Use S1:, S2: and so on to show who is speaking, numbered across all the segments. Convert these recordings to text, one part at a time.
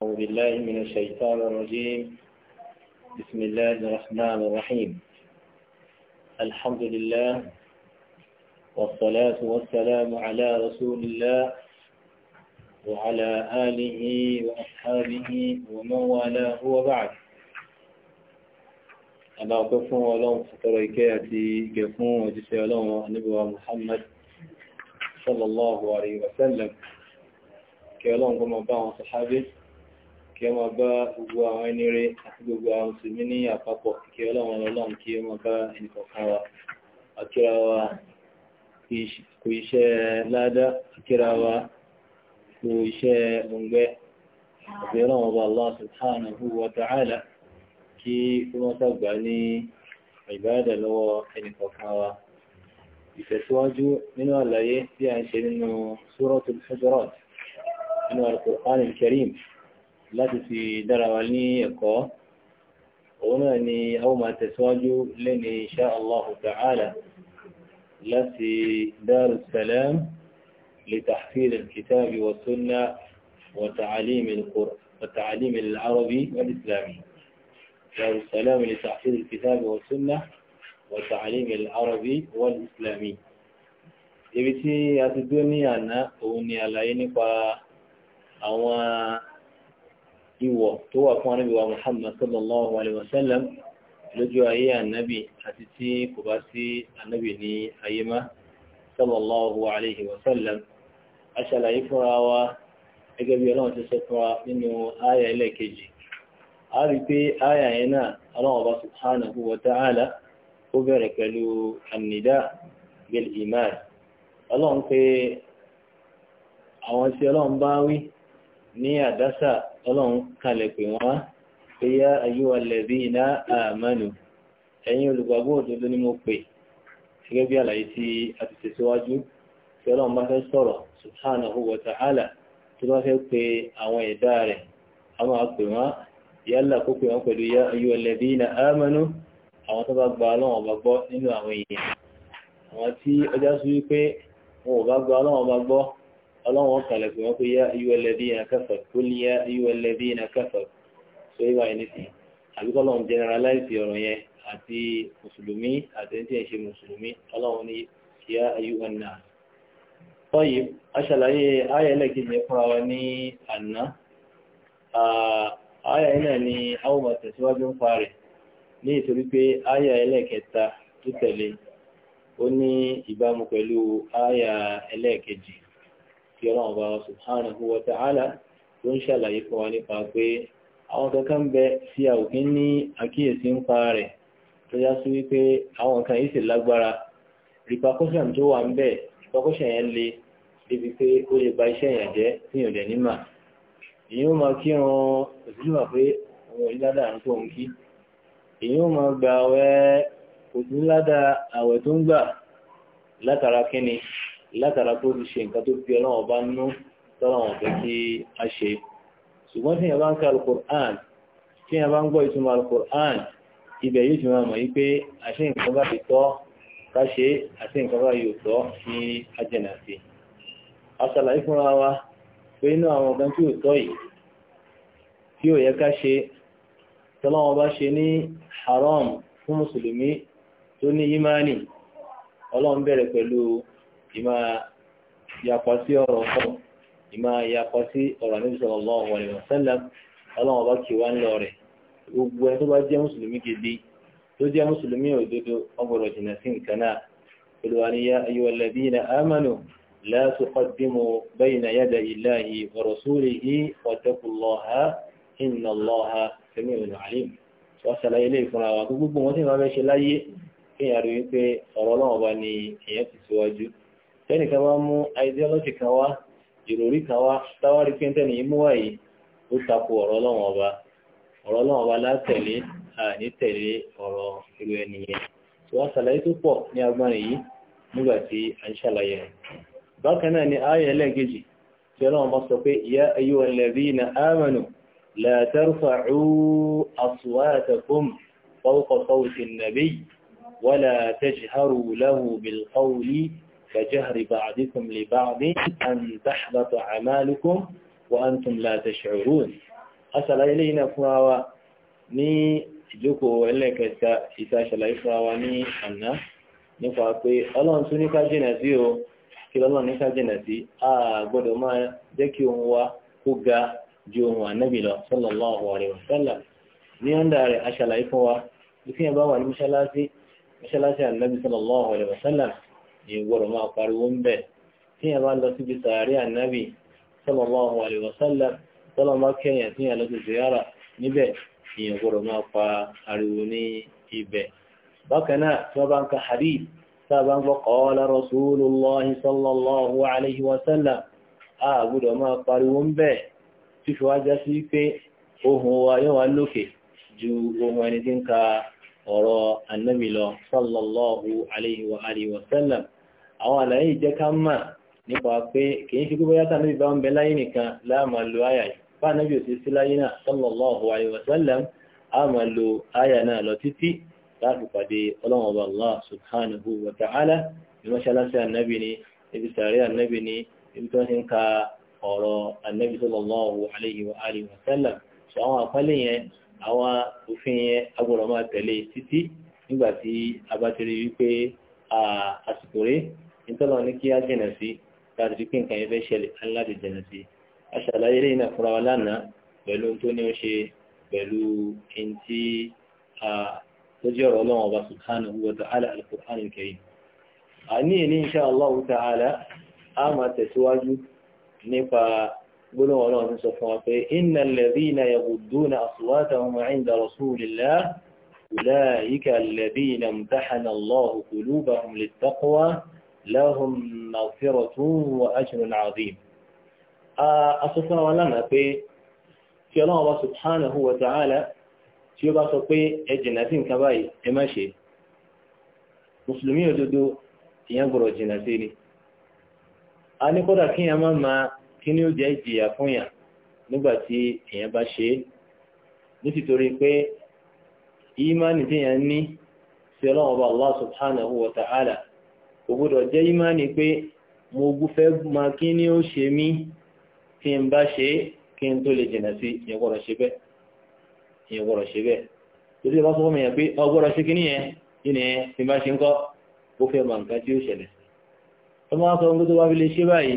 S1: أعوذ بالله من الشيطان الرجيم بسم الله الرحمن الرحيم الحمد لله والصلاة والسلام على رسول الله وعلى آله وأصحابه ومن والاه وبعد أنا كفون ولهم فتريكاتي كفون وجسي ولهم نبوة محمد صلى الله عليه وسلم كي ولهم كما بعض صحابه ìkẹ́ máa bá gbogbo àwọn ẹni rẹ̀ àti gbogbo àwọn mùsùlùmí ní àpapọ̀ ìkẹ́ ọlọ́run ọlọ́run kí ó máa bá ẹnìkọ̀ọ̀kan wa àkíra wa kò iṣẹ́ ládá àkíra wa kò iṣẹ́ òǹgbẹ́ àti ọlọ́run ọba Allah subhanahu wa ta'ala kí ó máa sàgbà ní ìbáàdà lọ́wọ́ ẹnìkọ̀ọ̀kan wa ìfẹ̀síwájú nínú àlàyé tí a ń ṣe nínú Suratul Hujurat nínú Al-Qur'an láti fi dára wa ní ẹ̀kọ́ òun náà ni a ó máa tẹ̀síwájú lé ní insha Allahu ta'ala láti Darus Salam wa لتحفيظ الكتاب والسنة وتعليم القرآن والتعليم العربي والإسلامي دار السلام لتحفيظ الكتاب والسنة والتعليم العربي al’islami ibi tí a ti dúró ní àná òun ni àlàyé nípa àwọn ìwọ̀ tó wà fún anábìwá Muhammad sallallahu alaihi wasallam lójú ayé ànábì àti tí kò bá sí ànábì ní ayé má sallallahu alaihi wasallam aṣàlàyé fúnra wa gẹ́gẹ́ bí ọlọ́run ti sọ fúnra nínú àyà ẹlẹ́ẹ̀kejì a rí pé àyà yẹn náà ọlọ́run bá subhanahu wa ta'ala ó bẹ̀rẹ̀ pẹ̀lú annida bil iman ọlọ́run pé àwọn tí ọlọ́run bá wí ní àdásà ọlọ́run kalẹ̀ pè wọ́n pé yá ayúwa lẹ̀bí iná àmánu ẹ̀yin olùgbàgbọ́ òdodo ni mo pè gẹ́gẹ́ bí àlàyé tí a ti tẹ̀síwájú tí ọlọ́run bá fẹ́ sọ̀rọ̀ subhanahu wa ta'ala tí wọ́n fẹ́ pe àwọn ẹ̀dá rẹ̀ a máa pè wọ́n yálà kó pè wọ́n pẹ̀lú yá ayúwa lẹ̀bí iná àmánu àwọn tó bá gba ọlọ́run ọba gbọ́ nínú àwọn èèyàn àwọn tí ọjà sí wípé wọn ò bá gba ọlọ́run ọba gbọ́ ọlọ́wọ́n kan lẹ́kùn wọn pé yá ayúwẹ́ lẹ́bí yẹn kẹfà kó ní yá ayúwẹ́ lẹ́bí yẹn kẹfà so yíwá yẹn nìsín àbí kọ́ lọ́wọ́n generalize ọ̀rọ̀ yẹn àti mùsùlùmí àti ẹni tí yẹn ṣe mùsùlùmí ọlọ́wọ́n ní yá ayúwẹ́ náà. tọ́yì aṣàlàyé ayé ẹlẹ́gìdì fúnra wa ní àná ayé náà ni àwọn ọmọ tẹ̀síwájú ń parẹ̀ ní ìtorí pé ayé ẹlẹ́kẹta tó tẹ̀lé ó ní ìbámu pẹ̀lú ayé ẹlẹ́kẹjì tí ọlọ́run bá subhanahu wa ta'ala tó ń ṣàlàyé fún wa nípa pé àwọn kankan bẹ tí a ò kí ní àkíyèsí ń pa rẹ̀ tó yá sí wípé àwọn nǹkan yìí sì lágbára repercussion tó wà ń bẹ̀ repercussion yẹn le débi pé ó lè ba iṣẹ́ yẹn jẹ́ níyàn dẹ̀ nímà èyí ó máa kírun òsínú wà pé àwọn onílàdà tó ń kí èyí ó máa gba àwẹ̀ òsínládà àwẹ̀ tó ń gbà látara kíni látara tó ti ṣe nǹkan tó fi ọlọ́wọ́ bá nú tọ́lọ́wọ́ fẹ́ kí a ṣe ṣùgbọ́n tí yẹn bá ń ka alukur'an tí yẹn bá ń gbọ́ ìtumọ̀ alukur'an ibẹ̀ yóò ti máa mọ̀ yìí pé àṣẹ nǹkan bá fi tọ́ ká ṣe àṣẹ nǹkan bá yóò tọ́ ní ajẹ́nà sí fúnra wa pé inú àwọn ọ̀gán tí ò tọ́ yìí tí ò yẹ ká ṣe tọ́lọ́wọ́ bá ṣe ní haram fún mùsùlùmí tó ní yímánì ọlọ́run bẹ̀rẹ̀ pẹ̀lú ìmá yàpọ̀ sí ọ̀rọ̀ ọ̀fọ́ ìmá yàpọ̀ sí ọ̀rọ̀ Ànábì sallallahu alaihi wasallam ọlọ́wọ́n bá kí wá ń lọ rẹ̀ gbogbo ẹni tó bá jẹ́ mùsùlùmí gidi tó jẹ́ mùsùlùmí òdodo ọgbọ̀rọ̀ jìnà sí nǹkan náà olùwàníyá ayyuhal ladhina amanu la tuqaddimu bayna yaday illahi wa rasulihi wattaqullaha inna allaha sami'un alim wọ́n ṣàlàyé ilé ìfúnra wa gbogbo wọn tí wọ́n fẹ́ ṣe láyé kéèyàn rí wípé ọ̀rọ̀ ọlọ́wọ́n bá ní èèyàn ti síwájú tẹ́nìkan wá mú ideology kan wá ìròrí kan wá táwárí pé tẹ́nì yìí mú wáyé ó tako ọ̀rọ̀ ọlọ́wọ́n ọba ọ̀rọ̀ ọlọ́wọ́n ọba látẹ̀lé àní tẹ̀lé ọ̀rọ̀ irú ẹni yẹn tí wọ́n ṣàlàyé tó pọ̀ ní agbọ́nrin yìí nígbà tí a ń ṣàlàyé rẹ̀ bákan náà ni ayé ẹlẹ́ẹ̀kejì tí ọlọ́wọ́n sọ pé ya ayyuhal ladhina amanu la tarfa'u aswatakum fawqa sawti an-nabiy wala كجهر بعضكم لبعض أن تحبط أعمالكم وأنتم لا تشعرون أسأل إلينا فراوة ní ìjókòó ẹlẹ́kẹta ìtàṣàlàyé fún wa ní àná nípa pé ọlọ́run tún ní ká jìnà sí o kí lọ́lọ́run ní ká jìnà sí a gbọ́dọ̀ máa jẹ́ kí ohun wa kó ga ju ohun ànábì lọ sallallahu alaihi wasallam ní ọ̀ndà rẹ̀ aṣàlàyé fún wa bí kí ẹ bá wà ní mọ́ṣáláṣí mọ́ṣáláṣí ànábì sallallahu alaihi wasallam ní gbọ́dọ̀ máa pariwo ń bẹ̀ tí yẹn bá lọ síbi sàárì ànábì sallallahu alaihi wasallam tọ́lọ́ máa kẹ́yìn tí yẹn lọ sí ziyara níbẹ̀ ìyẹn gbọ́dọ̀ máa pa ariwo ní ibẹ̀ bákan náà tí wọ́n bá ń ka hadith tá a bá ń gbọ́ sallallahu alaihi wasallam a máa pariwo ń bẹ̀ tí sí pé ohùn wa yóò wá lókè ju ohùn ẹni tí ń ka ọ̀rọ̀ annabi lọ sallallahu alayhi wa alihi wa sallam àwọn àlàyé ìjẹ́ ká mà nípa pé kì í ṣe gbogbo yàtọ̀ annabi bá ń bẹ láyé nìkan láàmà lo àyà yìí bá annabi ò sí sí láyé náà sallallahu alayhi wa sallam a máa lo àyà náà lọ títí láti pàdé ọlọ́run àwọn òfin yẹn agbọ́dọ̀ máa tẹ̀lé títí nígbà tí a bá ti rí wípé àsìkò rẹ̀ nítọ́lọ́ ní kí á jìnà sí láti rí pé nǹkan yẹn fẹ́ ṣẹlẹ̀ aláàdì jìnà sí a ṣàlàyé lè ní àfúnra wa lánàá pẹ̀lú tó ní ó ṣe pẹ̀lú ẹni tí tó jẹ́ ọ̀rọ̀ gbólóhùn ọlọ́run ti sọ fún wa pé innal ladhina yaghuduna aswatahum 'inda rasulillah ulaika alladhina imtahana Allahu qulubahum lit-taqwa lahum maghfiratun wa ajrun 'azim. a sọ fún wa lánàá pé tí ọlọ́run wa subhanahu wa ta'ala tí ó bá sọ jìnà sí ni a ní kódà kí ẹ má máa kí ni ó jẹ́ ìjìyà fún yàn nígbà tí èèyàn bá ṣe é nítorí pé ìmánì tí èèyàn ní sí ọlọ́run ọba Allah subhanahu wa ta'ala kò gbọ́dọ̀ jẹ́ ìmánì pé mo fẹ́ ma kí ni ó ṣe mí tí n bá ṣe é kí n tó lè jìnà sí ìyẹn gbọ́dọ̀ ṣe bẹ́ẹ̀ ìyẹn gbọ́dọ̀ ṣe sọ fún mi yẹn pé ọgbọ́dọ̀ ṣe kí nìyẹn kí nìyẹn tí n bá ṣe ń kọ́ ó fẹ́ mọ nǹkan tí ó ṣẹlẹ̀ ọmọ wa sọ ohun tó wá fi lè ṣe báyìí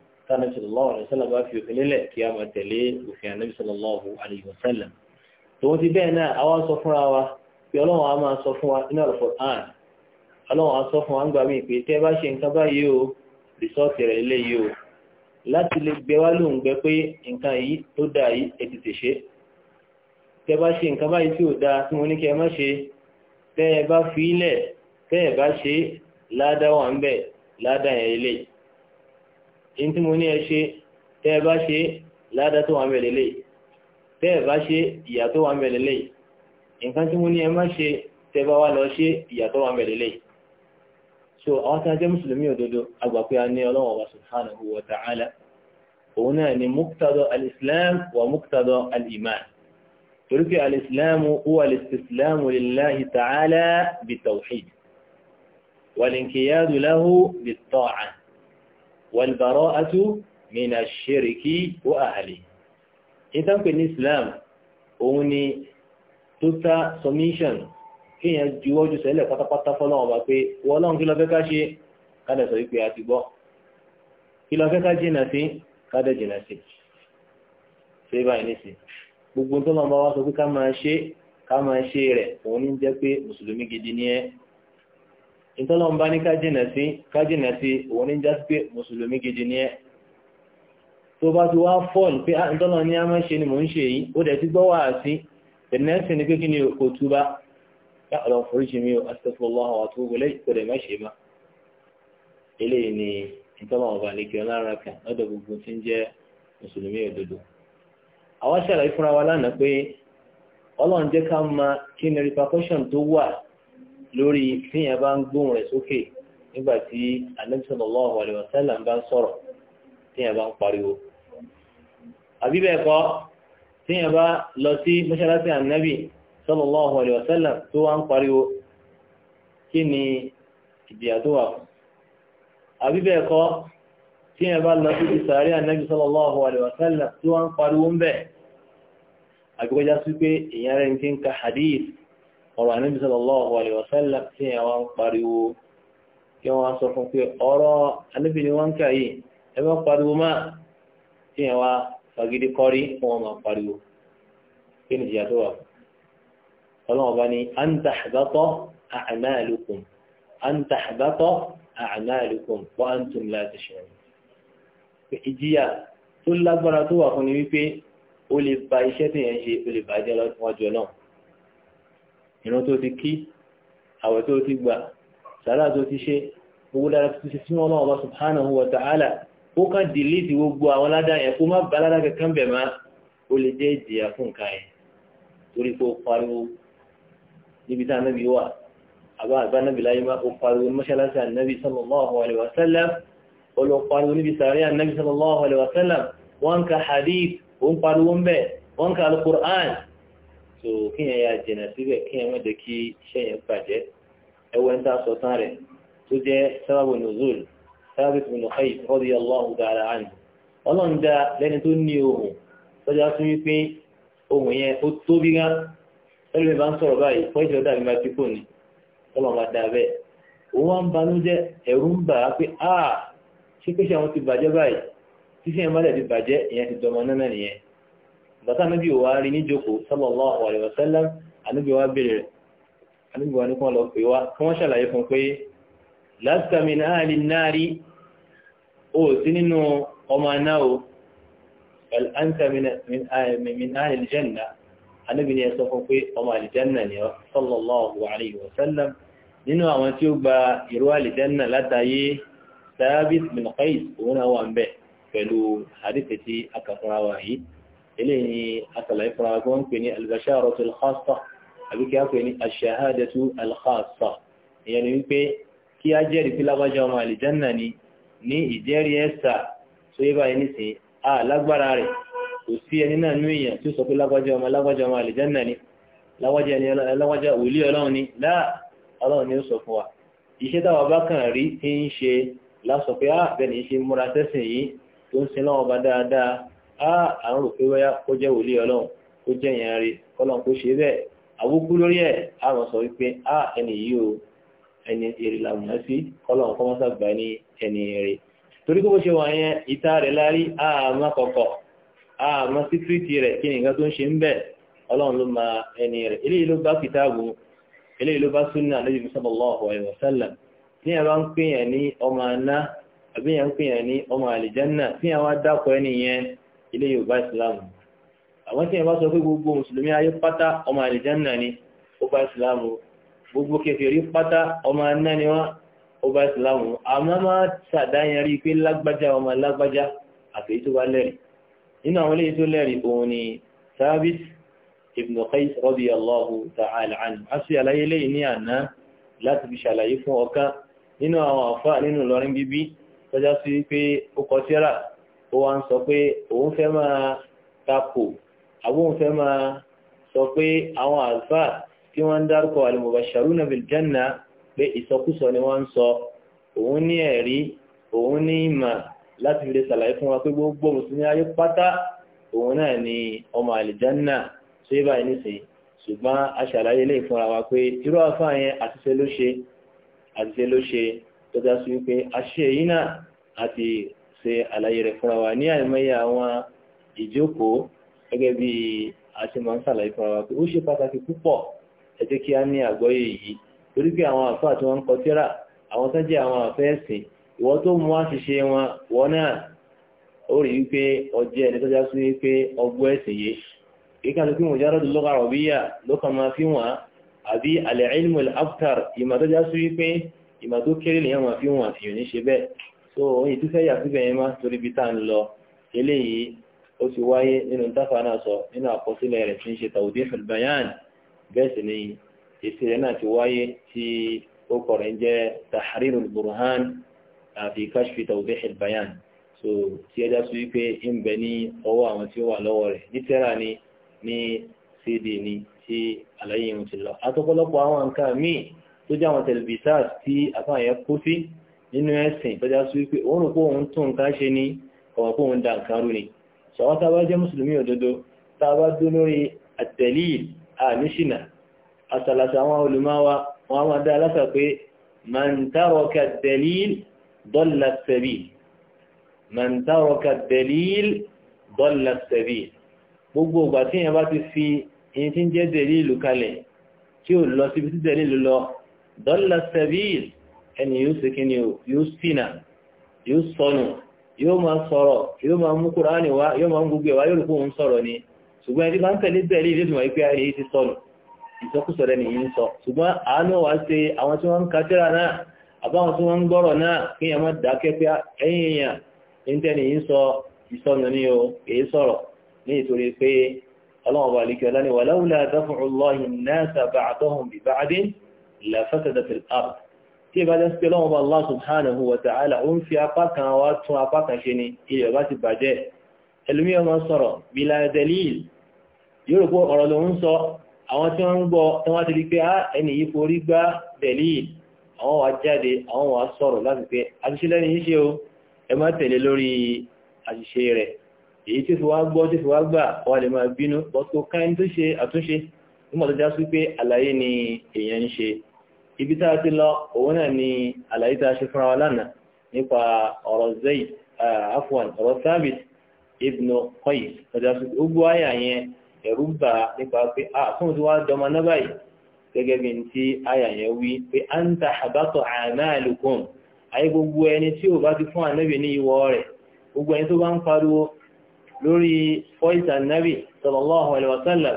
S1: tánà sallallahu alaihi wasallam bá fi òfin lélẹ̀ kí a máa tẹ̀lé sallallahu alaihi wasallam na ti bẹ́ẹ̀ náà àwa sọ fúnra wa pé ọlọ́run a máa sọ fún wa nínú Al-Qur'an ọlọ́run a wa o rìsọ́ọ̀tì rẹ̀ lé o láti lè gbẹ wá lóhùn gbẹ pé yi etiti mo in tí mo ní ẹ ṣe tẹ́ ẹ bá ṣe ládá tó wà ń bẹ̀rẹ̀ lè tẹ́ ẹ bá ṣe ìyà tó wà ń bẹ̀rẹ̀ lè nǹkan tí mo ní ẹ má ṣe tẹ́ bá wá lọ ṣe ìyà tó wà ń bẹ̀rẹ̀ lè so àwọn tí a jẹ́ mùsùlùmí òdodo àgbà pé a ní ọlọ́wọ́ wa subhanahu wa ta'ala òun náà ni muqtada al-islam wa muqtada torí pé al-islam huwa al-istislam lillahi ta'ala bi tawhid والبراءة من الشرك وأهله إذا في الإسلام أوني total submission kíyàn juwọ́jú sẹ́lẹ̀ pátápátá fọ́lọ́wọ́n bá pé wọ́lọ́n kí lọ fẹ́ ká ṣe kádẹ̀ sọ wípé a ti gbọ́ kí lọ fẹ́ ká jìnà sí kádẹ̀ jìnà sí ṣé báyìí ní sí gbogbo tó lọ́n bá wá sọ pé ká máa ṣe ká máa ṣe rẹ̀ òun ní jẹ́ pé mùsùlùmí gidi ni ẹ́ ìtọ́lọ́run bani ní ká si sí ká jìnà sí òun ní jásí pé mùsùlùmí gidi ni ẹ́ tó bá ti wá fọ́ọ̀lù ah, a máa ni mò ń yi o de ti gbọ́ ni pé ni kò túbá yá mi ò astaghfirullah wa atubu ilayhi kò dẹ̀ ile ni ìtọ́lọ́run bá lè kí ọlára kan lọ́dọ̀ gbogbo tí wa lórí tíyẹn bá ń gbóhùn rẹ̀ sókè nígbà tí Ànábì sallallahu alaihi wasallam bá ń sọ̀rọ̀ tíyẹn bá ń pariwo. àbí bẹ́ẹ̀ kọ́ tíyẹn bá lọ sí mọ́ṣáláṣí Ànábì sallallahu alaihi wasallam tó wá ń pariwo kí ni ìdíyà tó wà fún. àbí bẹ́ẹ̀ kọ́ tíyẹn bá lọ sí ìsàárẹ̀ Ànábì sallallahu alaihi wasallam ọ̀rọ̀ àníbi sallallahu alaihi wasallam tí àwọn ń pariwo kí wọ́n sọ fún pé ọ̀rọ̀ àníbi ni wọ́n ń kà yìí ẹ bá pariwo máa tí àwọn fagidi kọ́rí wọn máa pariwo kí ni ìyá tó wà ọlọ́wọ́n bá ní an tahbata a'malukum an tahbata a'malukum wa antum la tash'urun ìjìyà tó lágbára tó wà fún ni wípé ó lè ba iṣẹ́ tó yẹn ṣe ó lè bàjẹ́ lọ́wọ́jọ́ náà ìran tó ti kí àwẹ̀ tó ti gbà sàrà tó ti ṣe owó dára tó ti ṣe sí ọlọ́run ọba subhanahu wa ta'ala ó kàn dìlítì gbogbo àwọn ládàá yẹn kó má bá ládàá kankan bẹ̀ má ó lè jẹ́ ìjìyà fún nǹkan yẹn torí pé ó pariwo níbi tá ànábì wà àbá àgbà ànábì láyé má ó pariwo mọ́ṣáláṣí ànábì sallallahu alaihi wa sallam ó lọ ka hadith ó ń pariwo ń bẹ̀ wọ́n ka alukur'an so kéèyàn ya síbẹ̀ jẹ́ kí iṣẹ́ yẹn bàjẹ́ ẹwẹ́ dá sọ rẹ̀ tó jẹ́ sábàbù nùzúl sábàbù ibn Qais radiyallahu ta'ala anhu ọlọ́run dá lẹ́ni tó ní ohùn tọ́jà tún wípé yẹn ó tóbi ń sọ̀rọ̀ báyìí ọ̀dà mi ní ọlọ́run máa dá bẹ́ẹ̀ a ah, ṣé àwọn ti bàjẹ́ báyìí bàtà níbi ò wá rí níjókòó sallallahu alaihi wasallam àníbi wá bèèrè rẹ̀ àníbi wá ní kí wọ́n lọ pè wá kí wọ́n ṣàlàyé fún pé lasta min ahli an-nari ó sí nínú ọmọ náà o bal anta min ahli al-janna àníbi ni ẹ sọ fún pé ọmọ al-janna ni ọ sallallahu alaihi wasallam nínú àwọn tí ó gba ìró al látàyé Thabit bin òun náà wà bẹ̀ pẹ̀lú àdìsẹ̀ tí a kà fúnra yìí eléyìí ni àtàlàyé fúnra wọn ń pè ní albasharatu alkhassa àbí kí a pè ní ashahadatu alkhassa ìyẹn ni wípé kí a jẹ́rìí pé lágbájá ọmọ àlìjánà ni ní ìjẹ́rìí ẹ̀sà tó yẹ báyìí nísìnyí a lágbára rẹ̀ kò sí ẹni náà nú èèyàn tí ó sọ pé lágbájá ọmọ lágbájá ọmọ àlìjánà ni lágbájá ni ọlọ́run ni láà ọlọ́run ni ó sọ fún wa iṣẹ́ táwa bá kàn rí ti ń ṣe lásọ pé á ah, bẹ́ẹ̀ ni ṣe múra sẹ́sìn yìí tó ń sin lọ́wọ́ bá dáadáa á àwọn òfin wáyà kó jẹ́ wòlíì ọlọ́run kó jẹ́ yẹn rí kọ́lọ́n kó ṣe bẹ́ẹ̀ àwòkú lórí ẹ̀ á mọ̀ sọ wípé á ẹni yìí o ẹni èrè làmùná sí kọ́lọ́n kọ́ mọ́sá gbà ní ẹni èrè torí kó bó ṣe wà yẹn ìta rẹ̀ lárí àmọ́ kọ̀kọ̀ àmọ́ síkírìtì rẹ̀ kí nìkan tó ń ṣe ń bẹ̀ ọlọ́run ló ma ẹni rẹ̀ eléyìí ló bá kìtàbù eléyìí ló bá súnà lójú sallallahu alaihi wasallam ní ilé yorùbá ìsìláàmù àwọn tí yẹn bá sọ pé gbogbo mùsùlùmí ayé pátá ọmọ àlìjánà ni ó bá ìsìláàmù gbogbo kèfèrí pátá ọmọ aná ni wọn ó bá ìsìláàmù àmọ́ máa ṣàdáyàn rí i pé lágbájá ọmọ lágbájá àfẹ́yí tó bá lẹ́rìí nínú àwọn eléyìí tó lẹ́rìí òun ni Thabit ibn Qais radiyallahu ta'ala anhu a sì àlàyé eléyìí ní àná láti fi ṣàlàyé fún ọ̀kan nínú àwọn àfáà nínú Ìlọrin bíbí tọ́já sí pé ó kọ síra ó wá ń sọ pé òun fẹ́ máa takò àbóun fẹ́ máa sọ pé àwọn àlùfáà tí wọ́n ń dárúkọ al-mubashsharuna bil janna pé ìsọkúsọ ni wọ́n ń sọ òun ní ẹ̀rí òun ní ìmọ̀ láti fi lè ṣàlàyé fún wa pé gbogbo mùsùlùmí ayé pátá òun náà ni ọmọ àlìjánà tó yé báyìí nìsín ṣùgbọ́n aṣàlàyé lè fúnra wa pé irú àfáà yẹn àtiṣe ló ṣe àtiṣe ló ṣe tó dá sí wípé àṣìṣe yìí náà àti ṣe àlàyé rẹ̀ fúnra wa ní àìmọye àwọn ìjókòó gẹ́gẹ́ bí a ṣe máa ń ṣàlàyé fúnra wa pé ó ṣe pàtàkì púpọ̀ ẹ jẹ́ kí a ní àgbọ́yé yìí torí pé àwọn àfáà tí wọ́n ń kọ tírà àwọn tó jẹ́ àwọn àfẹ́ẹ̀sìn ìwọ tó mú àṣìṣe wọn wọ́n náà ó rí wípé ọjẹ́ ẹni tó já sí wípé ọgbọ́ ẹ̀sìn yìí kíkà tó kí wọ́n járọ́dù lọ́kà àrọ̀bíyà lọ́kà máa fi wọ́n àbí al-ilmu al-abtar ìmọ̀ tó já sí wípé ìmọ̀ tó kéré nìyẹn máa fi wọ́n àfihàn ní ṣe bẹ́ẹ̀ so òun ìtúfẹ́ yà síbẹ̀ yẹn má torí ibi tá à ń lọ eléyìí ó ti wáyé nínú táfà náà sọ nínú àkọsílẹ̀ rẹ̀ tí ń ṣe tawdihul bayan bẹ́ẹ̀ sì ni èsì rẹ̀ náà ti wáyé tí ó kọ̀rọ̀ ń jẹ́ tahrirul burhan àfi kashfi tawdihul bayan so tí ẹja sọ wípé ń bẹ ní ọwọ́ àwọn tí ó wà lọ́wọ́ rẹ̀ ní ni ní cd ni tí àlàyé wọn ti lọ àtọ́pọ̀lọpọ̀ àwọn nǹkan míì tó jẹ́ àwọn tẹlifíṣà tí àtàwọn yẹn sí nínú ẹ̀sìn tó já sí wípé òun rò pé òun tún nǹkan ṣe ní ọ̀wọ̀ pé òun da nǹkan rú ni ṣọwọ́ tá a bá jẹ́ mùsùlùmí òdodo tá a bá dún lórí àtẹ̀lí àníṣìnà àtàlàtà àwọn olùmọ́wá wọn a máa dá aláṣà pé man taraka dalil dalla sabil man taraka dalil dalla ẹni yóò ṣe kí ni o yóò ṣìnà yóò sọnù yóò máa sọ̀rọ̀ yóò máa mú kúránì wá yóò máa ń gbogbo ẹ̀wá yóò rúkú òun sọ̀rọ̀ ni ṣùgbọ́n ẹni bá ń tẹ̀lé bẹ́ẹ̀ lè nínú ìpé ayé ti sọnù ìsọkúsọ rẹ̀ nìyí ń sọ ṣùgbọ́n àánú wa ṣe àwọn tí wọ́n ń katẹ́ra náà àbáwọn tí wọ́n ń gbọ́rọ̀ náà kí ẹ má dákẹ́ pé ah, ẹ̀yìn èèyàn ní tẹ́ni yìí ń sọ ìsọnù ni o èyí sọ̀rọ̀ ní ìtorí pé ọlọ́run bá lékè ọlá ni wà láwùlá náà sàbà àtọ́hùn bìbá adé làfẹ́sẹ̀dẹ̀ fìlà tí ìbá jẹ́ pé lọ́wọ́ Allah subhanahu wa ta'ala ó ń fi apá kan wá tún apá kan ṣe ni ilẹ̀ ọba ti bàjẹ́ ẹlòmí ọmọ sọ̀rọ̀ bila dalil yóò rò pé ọ̀rọ̀ ló ń sọ àwọn tí wọ́n ń gbọ́ tí wọ́n ti rí pé á ah, ẹni yìí forí gbá dalil àwọn wà jáde àwọn wà sọ̀rọ̀ láti pé àṣìṣe lẹ́ni ṣe o ẹ má tẹ̀lé lórí àṣìṣe rẹ̀ èyí tí fi gbọ́ tí fi gbà wà lè máa bínú bọ́sọ̀ káyín tó ṣe àtúnṣe nígbà tó já sí pé àlàyé ni èèyàn ń ṣe ibi tá a ti lọ òun náà ni àlàyé tá a ṣe fúnra wa lánàá nípa ọ̀rọ̀ zayd afwan ọ̀rọ̀ sábìt ibn Qais ọjà sí gbogbo àyà yẹn ẹ̀rú bà nípa pé a fún ti wá dọmọ náà báyìí gẹ́gẹ́ lórí voice ànábì sallallahu alaihi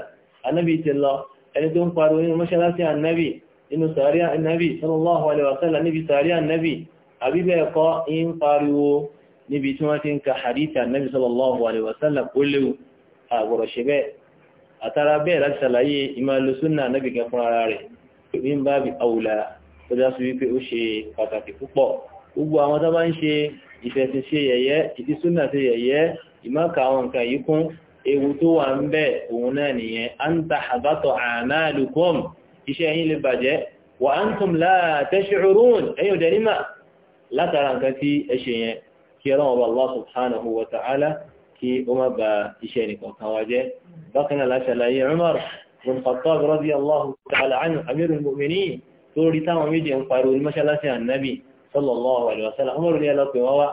S1: ànábì ti lọ ẹni tó ń pariwo nínú mọ́ṣáláṣí ànábì inú sàárì ànábì sallallahu alaihi wasallam níbi sàárì ànábì àbí bẹ́ẹ̀ kọ́ in pariwo níbi tí wọ́n ti ń ka hadith ànábì sallallahu alaihi wasallam ó léwu àgbọ̀rọ̀ ṣe bẹ́ẹ̀ àtàrà bẹ́ẹ̀ láti ṣàlàyé ìmọ̀lú súnà ànábì kan fúnra rẹ̀ ní bá bí àwùlà tó dá sí wípé ó ṣe pàtàkì púpọ̀ gbogbo àwọn tó bá ń ṣe ìfẹ̀sìn ṣe yẹ̀yẹ́ ìdí súnà ṣe yẹ̀yẹ́ ìmọ̀ka àwọn ewu tó wà ń bẹ òun náà nìyẹn an a'malukum iṣẹ́ yìí lè bàjẹ́ wa antum la tash'urun ẹ̀yìn òdẹ̀ nímà látara nǹkan tí ẹ ṣe yẹn kí ọlọ́run ọba Allah subhanahu wa ta'ala kí ó má ba iṣẹ́ nìkan kan wá jẹ́ bákan náà láti ṣàlàyé Umar bin Khattab radiyallahu ta'ala anhu amirul mu'minin tó rí táwọn méjì ń pariwo ní mọ́ṣáláṣí ànábì sallallahu alaihi wasallam Umar ní ẹlọ́pẹ̀ wá wá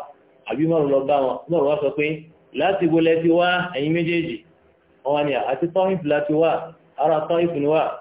S1: àbí Umar méjèèjì wọn ni àti tọ́hìn láti wá ara tọ́hìn wá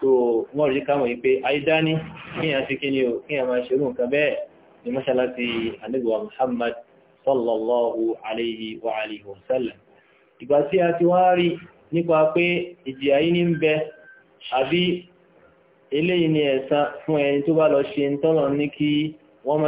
S1: so wọ́n rí káwọn yìí pé àìdání kíyàn sí kí ni o kíyàn máa ṣe nǹkan bẹ́ẹ̀ ni mọ́ṣáláṣí ànábì wa Muhammad sallallahu alayhi wa alihi wa sallam ìgbà tí a ti wá rí nípa pé ìjìyà yìí ní ń bẹ àbí eléyìí ni ẹ̀san fún ẹni tó bá lọ ṣe ń tọ́lọ̀ ní kí wọ́n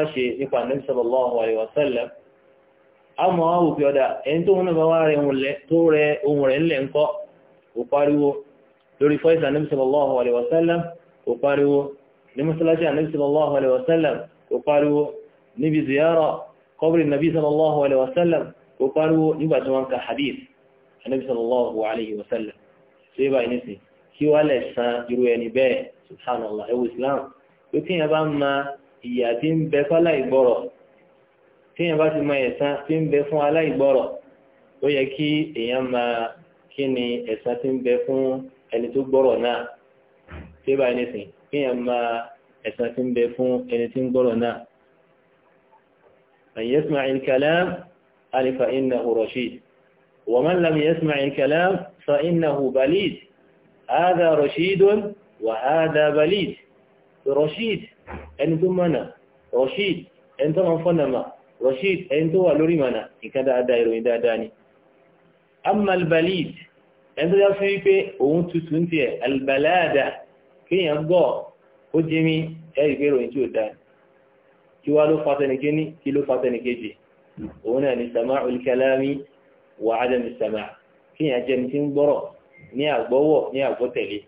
S1: lórí fọ́ìsì ànábì sallallahu alaihi wasallam kò pariwo ní mọ́sálásí ànábì sallallahu alaihi wasallam kò pariwo níbi ziyara qabri nàbí sallallahu alaihi wasallam kò pariwo nígbà tí wọ́n ka hadith ànábì sallallahu alaihi wasallam ṣé bá yìí nìsín kí wàá lè san irú ẹni bẹ́ẹ̀ subhanallah ewu islam pé kéèyàn bá ma ìyà tí ń bẹ fún aláìgbọ́rọ̀ kéèyàn bá ti ma ẹ̀san tí ń bẹ fún aláìgbọ́rọ̀ ó yẹ kí èèyàn máa kí ni ẹ̀san tí ń ẹni tó gbọ́rọ̀ náà ṣé báyìí nìsín kéèyàn máa ẹ̀sán tí ń bẹ fún ẹni tí ń gbọ́rọ̀ náà. من يسمع الكلام ألف إنه رشيد ومن لم يسمع الكلام فإنه بليد هذا رشيد وهذا بليد رشيد ẹni tó mọ̀nà rashid ẹni tó máa fọ́nà mà rashid ẹni tó wà lórí mọ̀nà ìkan dáadáa ìròyìn dáadáa ni amalbalid ẹni tó yá sí wípé òun tutù ń tiẹ̀ àlùbàláàdà kéèyàn gbọ́ ó jimi ẹ̀rí pé ròyìn tí ò dáa kí wá ló fa tẹnikẹ́ni kí ló fa tẹnikẹ́jì òun náà ní sama'ul kalami wà adam sama' kéèyàn jẹni tí ń gbọ́rọ̀ ní àgbọ́wọ̀ ní àgbọ́tẹ̀lé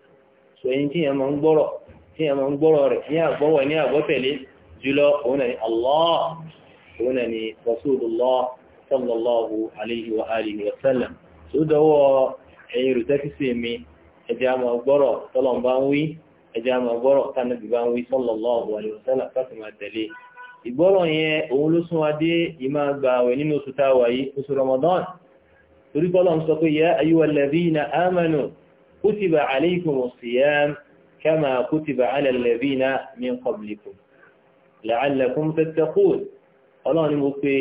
S1: so ẹni tí yẹn máa ń gbọ́rọ̀ tí yẹn máa ń gbọ́rọ̀ rẹ̀ ní àgbọ́wọ̀ ní àgbọ́tẹ̀lé jùlọ òun náà ní Allah òun náà ní rasulullah sallallahu alayhi wa alihi wa sallam tó dọwọ́ ẹ̀yin rìtẹ́kìsì mi ẹ̀jẹ̀ àmọ́ gbọ́rọ̀ tọ́lọ̀ bá ń wí ẹ̀jẹ̀ àmọ́ gbọ́rọ̀ tánàbí bá ń wí sallallahu alaihi wasallam láti máa tẹ̀lé ìgbọ́rọ̀ yẹn òun ló sún wa dé ìmá gbààwẹ̀ nínú oṣù táwà yìí oṣù Ramadan torí Ọlọ́hun ń sọ pé ya ayyuhallazina amanu kutiba alaykumus siyam kama ọlọ́run ni mo pe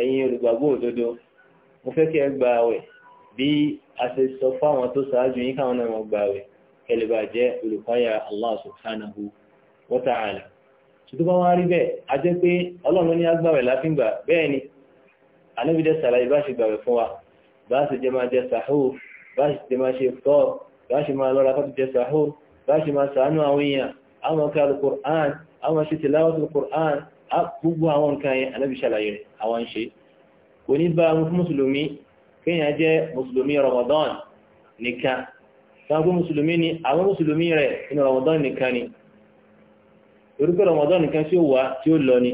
S1: ẹ̀yin olùgbàgbọ́ òdodo mo fẹ́ kí ẹ gbààwẹ̀ bí a ṣe sọ fáwọn tó ṣáájú yín káwọn náà máa gbààwẹ̀ kẹlẹ̀bà jẹ́ olùkọ́yà Allah subhanahu wa ta'ala tuntun bá wá rí bẹ́ẹ̀ a jẹ́ pé ọlọ́run ní agbáwẹ̀ láfíngbà bẹ́ẹ̀ ni anábìdẹ́ sàlàyé bá ṣe gbàwẹ̀ fún wa bá ṣe jẹ máa jẹ sàhóò bá ṣe jẹ máa ṣe tọ́ bá ṣe máa lọ́ra fọ́tí jẹ sàhóò bá kéèyàn jẹ́ mùsùlùmí Ramadan nìkan sáàgbé mùsùlùmí ni àwọn mùsùlùmí rẹ̀ inú Ramadan nìkan ni orúkọ Ramadan nìkan tí ó wà tí ó lọ ni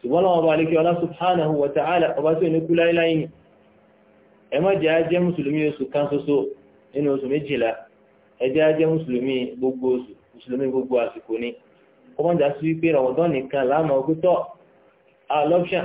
S1: ṣùgbọ́n lọ́wọ́ bá lè kí ọlá subhanahu wa ta'ala ọba tí ó ní kú láíláí ni ẹ má jẹ́ ajẹ́ mùsùlùmí oṣù kan ṣoṣo nínú oṣù méjìlá ẹ jẹ́ ajẹ́ mùsùlùmí gbogbo oṣù mùsùlùmí gbogbo àsìkò ni kọ́mọ́jà sí wípé nìkan láàmú ọgbẹ́tọ̀ àlọ́pṣàn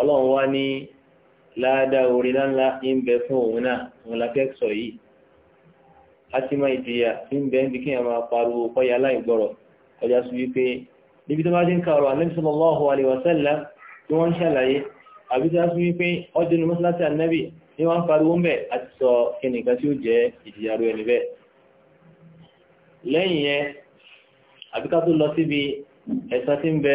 S1: ọlọ́run wá ní láàdáa orí láńlá ń bẹ fún òun náà òun la fẹ́ sọ yìí a ti máa ìdíyà tí ń bẹ ń bí kí èèyàn máa pariwo kọ́ya aláìgbọ́rọ̀ ọjà sí wípé níbi tó bá ti ń kàrọ̀ ànábì sallallahu alaihi wasallam tí wọ́n ń ṣàlàyé àbí tó bá sí wípé ọdún ní mọ́sálásí ànábì ní wọ́n ń pariwo ń àti sọ kí tí ó jẹ́ ìdíyà rẹ̀ níbẹ̀ lẹ́yìn yẹn àbí lọ síbi ẹ̀san tí ń bẹ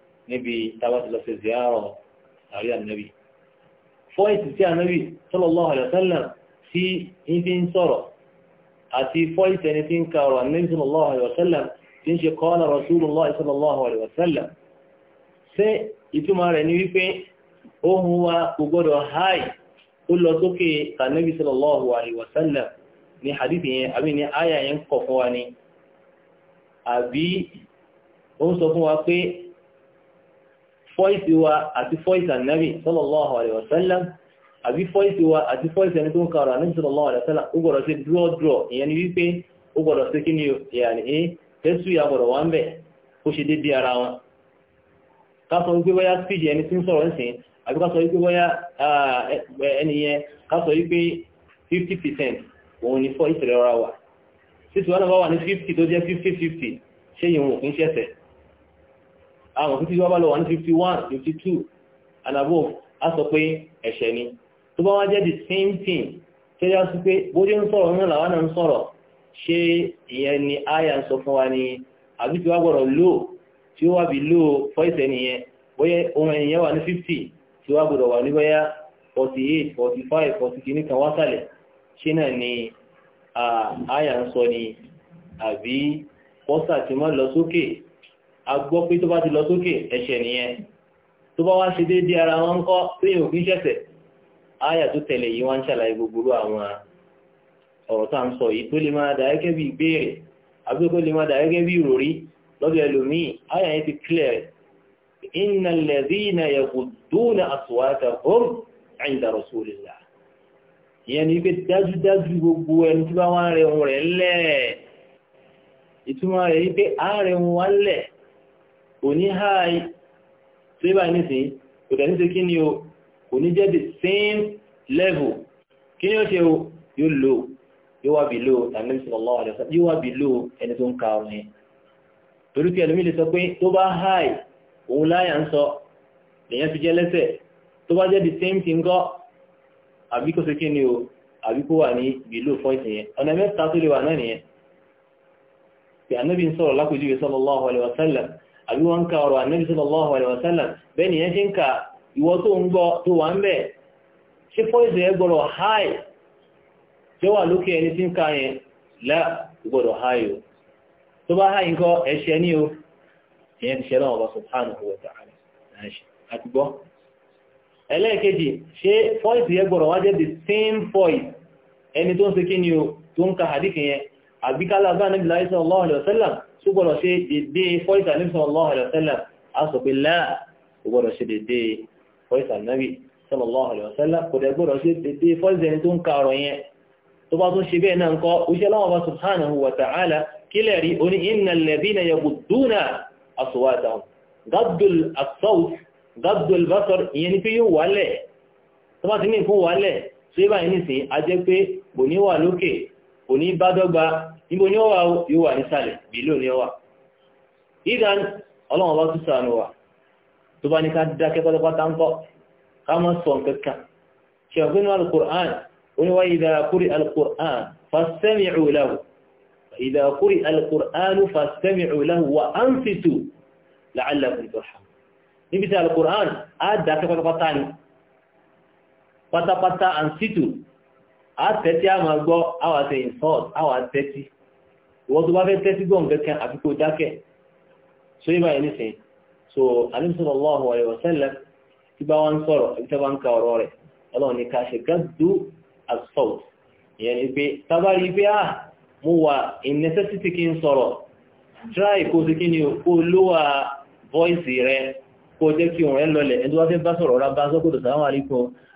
S1: níbi tábàtì lọ sí ziyarọ̀ àrí ànábì fọ́ìtì tí ànábì sallallahu alaihi wasallam tí ń fi ń sọ̀rọ̀ àti fọ́ìtì ẹni tí ń ka ọ̀rọ̀ ànábì sallallahu alaihi wasallam tí ń ṣe qala rasulullah sallallahu alaihi wasallam ṣé ìtumọ̀ rẹ̀ ni wípé ohun wa kò gbọ́dọ̀ háì ó lọ sókè tànábì sallallahu alaihi wasallam ní hadith yẹn àbí ní áyà yẹn kọ̀ fún wa ni àbí ó ń sọ fún wa pé fọ́ìsì wa àti fọ́ìsì ànábì sallallahu alaihi wasallam àbí fọ́ìsì wa àti fọ́ìsì ẹni tó ń kàrọ̀ ànábì sallallahu alaihi wasallam ó gbọ́dọ̀ sí dúró dúró ìyẹn ni wípé ó gbọ́dọ̀ sí kí ni yàní ẹ tẹ́sù ya gbọ́dọ̀ wá ń bẹ̀ kó ṣe dédé ara wọn ká sọ wípé bóyá speed ẹni tí ń sọ̀rọ̀ ńsìn àbí ká sọ wípé bóyá ẹni àwọn òfin tí wọ́n bá lọ one fifty one fifty two and above á sọ pé ẹ̀ṣẹ̀ ni tó bá wá jẹ́ the same thing tó yá sí pé bójú ń sọ̀rọ̀ náà làwọn náà ń sọ̀rọ̀ ṣé ìyẹn ni àyà ń sọ fún wa ni àbí tí wọ́n gbọ́dọ̀ lò tí ó wá bí lò fọ́ìsẹ̀ nìyẹn bóyá ohun ẹ̀yìn wà ní fifty tí wọ́n gbọ́dọ̀ wà ní bóyá forty eight forty five forty kìíní kan wásàlẹ̀ ṣé náà ni àyà ń sọ ni àbí pọ́sà ti máa lọ sókè a gbọ́ pé tó bá ti lọ sókè ẹ̀ṣẹ̀ nìyẹn tó bá wá ṣe déédéé ara wọn kọ́ téèyàn kì í ṣẹ̀ṣẹ̀ áyà tó tẹ̀lé yìí wọ́n ń ṣàlàyé gbogbo àwọn ọ̀rọ̀ tá à ń sọ yìí tó lè máa dà gẹ́gẹ́ bí ìbéèrè àbí tó lè máa dà gẹ́gẹ́ bí ìròrí lọ́dọ̀ ẹlòmíì áyà yẹn ti clear innal ladhina yaghudduna aswatahum 'inda rasulillah ìyẹn ni pé dájúdájú gbogbo ẹni tí bá wá rẹ̀ ń rẹ̀ ńlẹ̀ ìtumọ̀ rẹ̀ yìí pé á ń wá ńlẹ̀ òní hi tó yẹ báyìí nísìnyí kò tẹ̀ níṣe kí ni o òní jẹ́ the same level kí ni ó ṣe o yóò low yóò wá below tàbí sallallahu alaihi wasallam below ẹni tó ń ka ọ̀run yẹn torí pé ẹlòmíì lè sọ pé tó bá hi òun láyà ń sọ lèyàn fi jẹ́ lẹ́sẹ̀ tó bá jẹ́ the same thing kọ́ àbí kò ṣe kí ni o àbí kó wà ní below point yẹn ọ̀nà mẹ́ta tó lè wà náà nìyẹn tí ànábì sọ̀rọ̀ lápèjúwe sallallahu alaihi wasallam àbí wọ́n ń ka ọ̀rọ̀ ànábì sallallahu alaihi wasallam bẹ́ẹ̀ nìyẹn ṣe ń ka ìwọ tó ń gbọ́ tó wà ń bẹ̀ ṣé fọ́ìsì ẹ gbọ́dọ̀ háì tí ó wà lókè ẹni tí ń ka yẹn lá gbọ́dọ̀ háì o tó bá háì nǹkan ẹ̀ṣẹ̀ ní o ìyẹn ti ṣe lọ́wọ́ bá subhanahu wa ta'ala ṣùgbọ́dọ̀ ṣe dédé fọ́ìsà níbi sallallahu alaihi wasallam a sọ pé láà ṣùgbọ́dọ̀ ṣe dédé fọ́ìsà nábì sallallahu alaihi wasallam kò dẹ̀ gbọ́dọ̀ ṣe dédé fọ́ìsà ẹni tó ń ka ọ̀rọ̀ yẹn tó bá tún ṣe bẹ́ẹ̀ náà ńkọ́ oṣẹ́ láwọn bá subhanahu wa ta'ala kílẹ̀ rí oní innal ladhina yagudduna aswatahum gaddul yẹ báyìí nìsín a jẹ́ kò ní bá dọ́gba níbo ni ó wà yóò wà nísàlẹ̀ bèlò ni ó wà ìdán ọlọ́run bá tún sànù wà tó bá ní ká dákẹ́ pátápátá ń kọ́ ká má sọ nǹkan kan ṣẹ̀gbẹ́nu alukur'an oníwá ìdá kúrì ìdá àtẹ́tí a máa gbọ́ àwà tẹ insult àwà tẹ́tí wọ́n tó bá fẹ́ tẹ́tí gbọ́n kankan àfi kó dákẹ́ so yíba yẹn nísìnyí so Ànábì sallallahu alaihi wasallam tí bá wọn sọ̀rọ̀ àbí tẹ́ bá ń ka ọ̀rọ̀ rẹ̀ ọlọ́run ní ká ṣe gádù assault ìyẹn ni pé tábàrí pé à ah, mo wà in necessity kí n sọ̀rọ̀ try kó sí kí ni kó lówà voice rẹ kó jẹ́ kí òun rẹ lọlẹ̀ ẹni tó bá fẹ́ bá sọ̀rọ̀ rà bá sọ́kòtò sáwọn àríkùn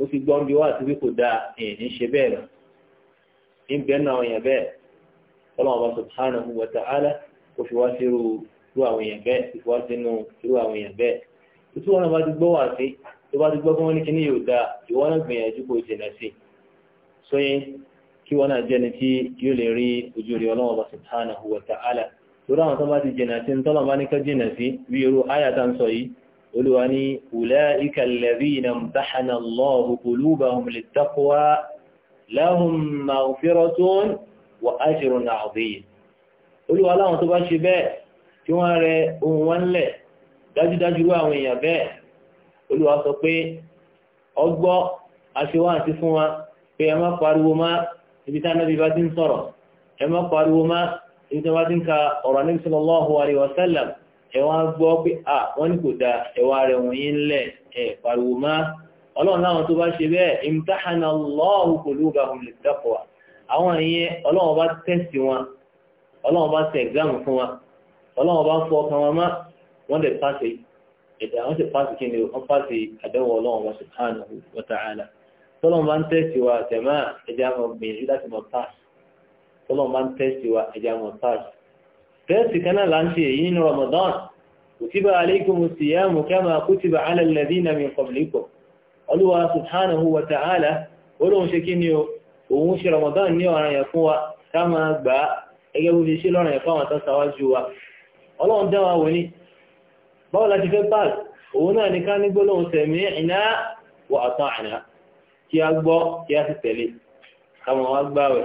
S1: ó ti gbọ́n bí wá àti bí kò dáa èèní ṣe bẹ́ẹ̀ lọ ní bẹ́ẹ̀ náà àwọn èèyàn bẹ́ẹ̀ ọlọ́run ọba subhanahu wa ta'ala kò fi wá sí irú àwọn èèyàn bẹ́ẹ̀ kò fi wá sínú irú àwọn èèyàn bẹ́ẹ̀ tuntun wọn bá ti gbọ́ wá sí tó bá ti gbọ́ fún wọn ní kíní yóò dáa ìwọ náà gbìyànjú kò jìnà sí sóyè kí wọn náà jẹni tí yóò lè rí ojú rí ọlọ́run ọba subhanahu wa ta'ala lórí àwọn tó bá ti jìnà sí ní tọ́lọ́ olùwà ní ulaika alladhina imtahana Allahu qulubahum lit-taqwa lahum maghfiratun wa ajrun 'azim olùwà láwọn tó bá ṣe bẹ́ẹ̀ tí wọ́n rẹ ohun wọn lẹ̀ dájúdájú rú àwọn èèyàn bẹ́ẹ̀ olùwà sọ pé ọgbọ́ aṣewá àti fún wa pé ẹ má pariwo má ibi tí anábì bá ti ń sọ̀rọ̀ ẹ má pariwo má ibi tí wọ́n bá ti ń ka ọ̀rọ̀ anábì sallallahu ẹ wá gbọ́ pé à wọ́n ní kò dáa ẹ wá rẹ̀ wọ̀nyí ńlẹ̀ ẹ pariwo má ọlọ́run láwọn tó bá ṣe bẹ́ẹ̀ imtahana Allahu qulubahum lit-taqwa àwọn ìyẹn ọlọ́run bá tẹ̀sí wọn ọlọ́run bá ṣe ẹ̀gbáàmù fún wa ọlọ́run bá fọ ọkàn wọn má wọ́n lè pàṣẹ e. ẹ̀dá wọ́n sì pàṣẹ kí ni wọ́n pàṣẹ e bá ń tẹ̀sí wa jẹ̀má mọ̀ gbìyànjú tẹ́ẹ̀sì kan náà láti èyí nínú Ramadan kutiba alaykumus siyamu kama kutiba ala alladhina min qablikum Olúwa subhanahu wa ta'ala olóhun ṣe kí ni o òun ṣe Ramadan ní ọ̀ràn yẹn fún wa ká máa gbà á gẹ́gẹ́ bó ṣe ṣe lọ́ràn yẹn fáwọn tó ṣáwájú wa Ọlọ́run dá wa kí a gbọ́ kí a sì tẹ̀lé ká wá gbààwẹ̀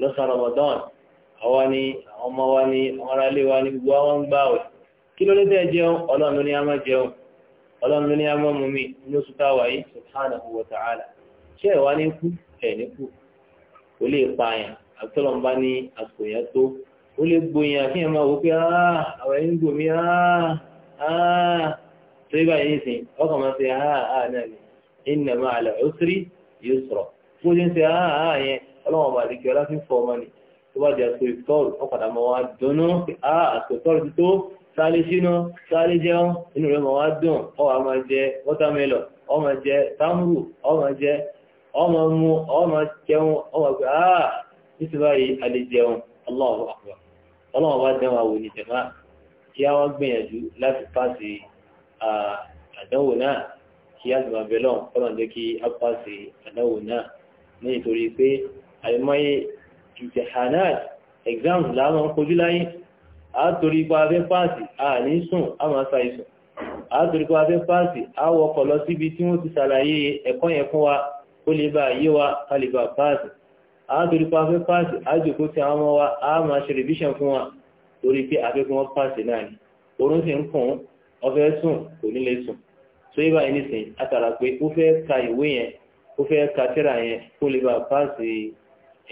S1: lọ́sàn Ramadan àwa ni àwọn ọmọ wa ni àwọn ará ilé wa ni gbogbo àwọn ń gbà wẹ̀ kí ló dé tẹ́ jẹun ọlọ́run ní a máa jẹun ọlọ́run ní a máa mú mi ní oṣù táwa yìí subhanahu wa ta'ala ṣé ẹ̀ wá ní kú ẹ̀ ní kú kò lè pààyàn àtọ́lọ́n bá ní àsìkò tó ó lè gbóyàn kí máa wò pé áá àwọn ẹni ń gbòmí áá áá tó báyìí nìsín ọkàn máa ṣe áá áá náà ni inna ma'al usri yusra bó ṣe ń ṣe áá áá yẹn ọlọ́run ọba tó bá di àsìkò ìtọ́rù wọ́n padà máa wá dùnú pé á àsìkò ìtọ́rù ti tó sáré sínú sáré jẹun inú rẹ̀ máa wá dùn ọwọ́ a máa jẹ watermelon ọ máa jẹ támúrù ọ máa jẹ ọ máa mu ọ máa jẹun ọ máa pé á nítorí báyìí a lè jẹun Allahu akbar ọlọ́wọ́ bá dẹ́wọ̀ pé àìmọye imtihanat exams láàmà ń kojú láyé àtòrí ipa abẹ́ páàsì àní sùn àmà ṣàìsùn àtòrí ipa abẹ́ páàsì àwọ̀ ọkọ̀ lọ síbi tí wọ́n ti ṣàlàyé ẹ̀kọ́ yẹn fún wa ó lè bá yé wa kálíbà páàsì àtòrí ipa abẹ́ páàsì àjòkó ti àwọn ọmọ wa àmà ṣe revision fún wa torí pé afẹ́fẹ́ wọn páàsì náà ni orun sì ń kùn ọfẹ́ sùn kò ní lè sùn tó yẹ báyìí nísìn àtàrà pé ó fẹ́ ka ìwé yẹn ó fẹ́ ka tẹ́ra yẹn kó lè bá páàsì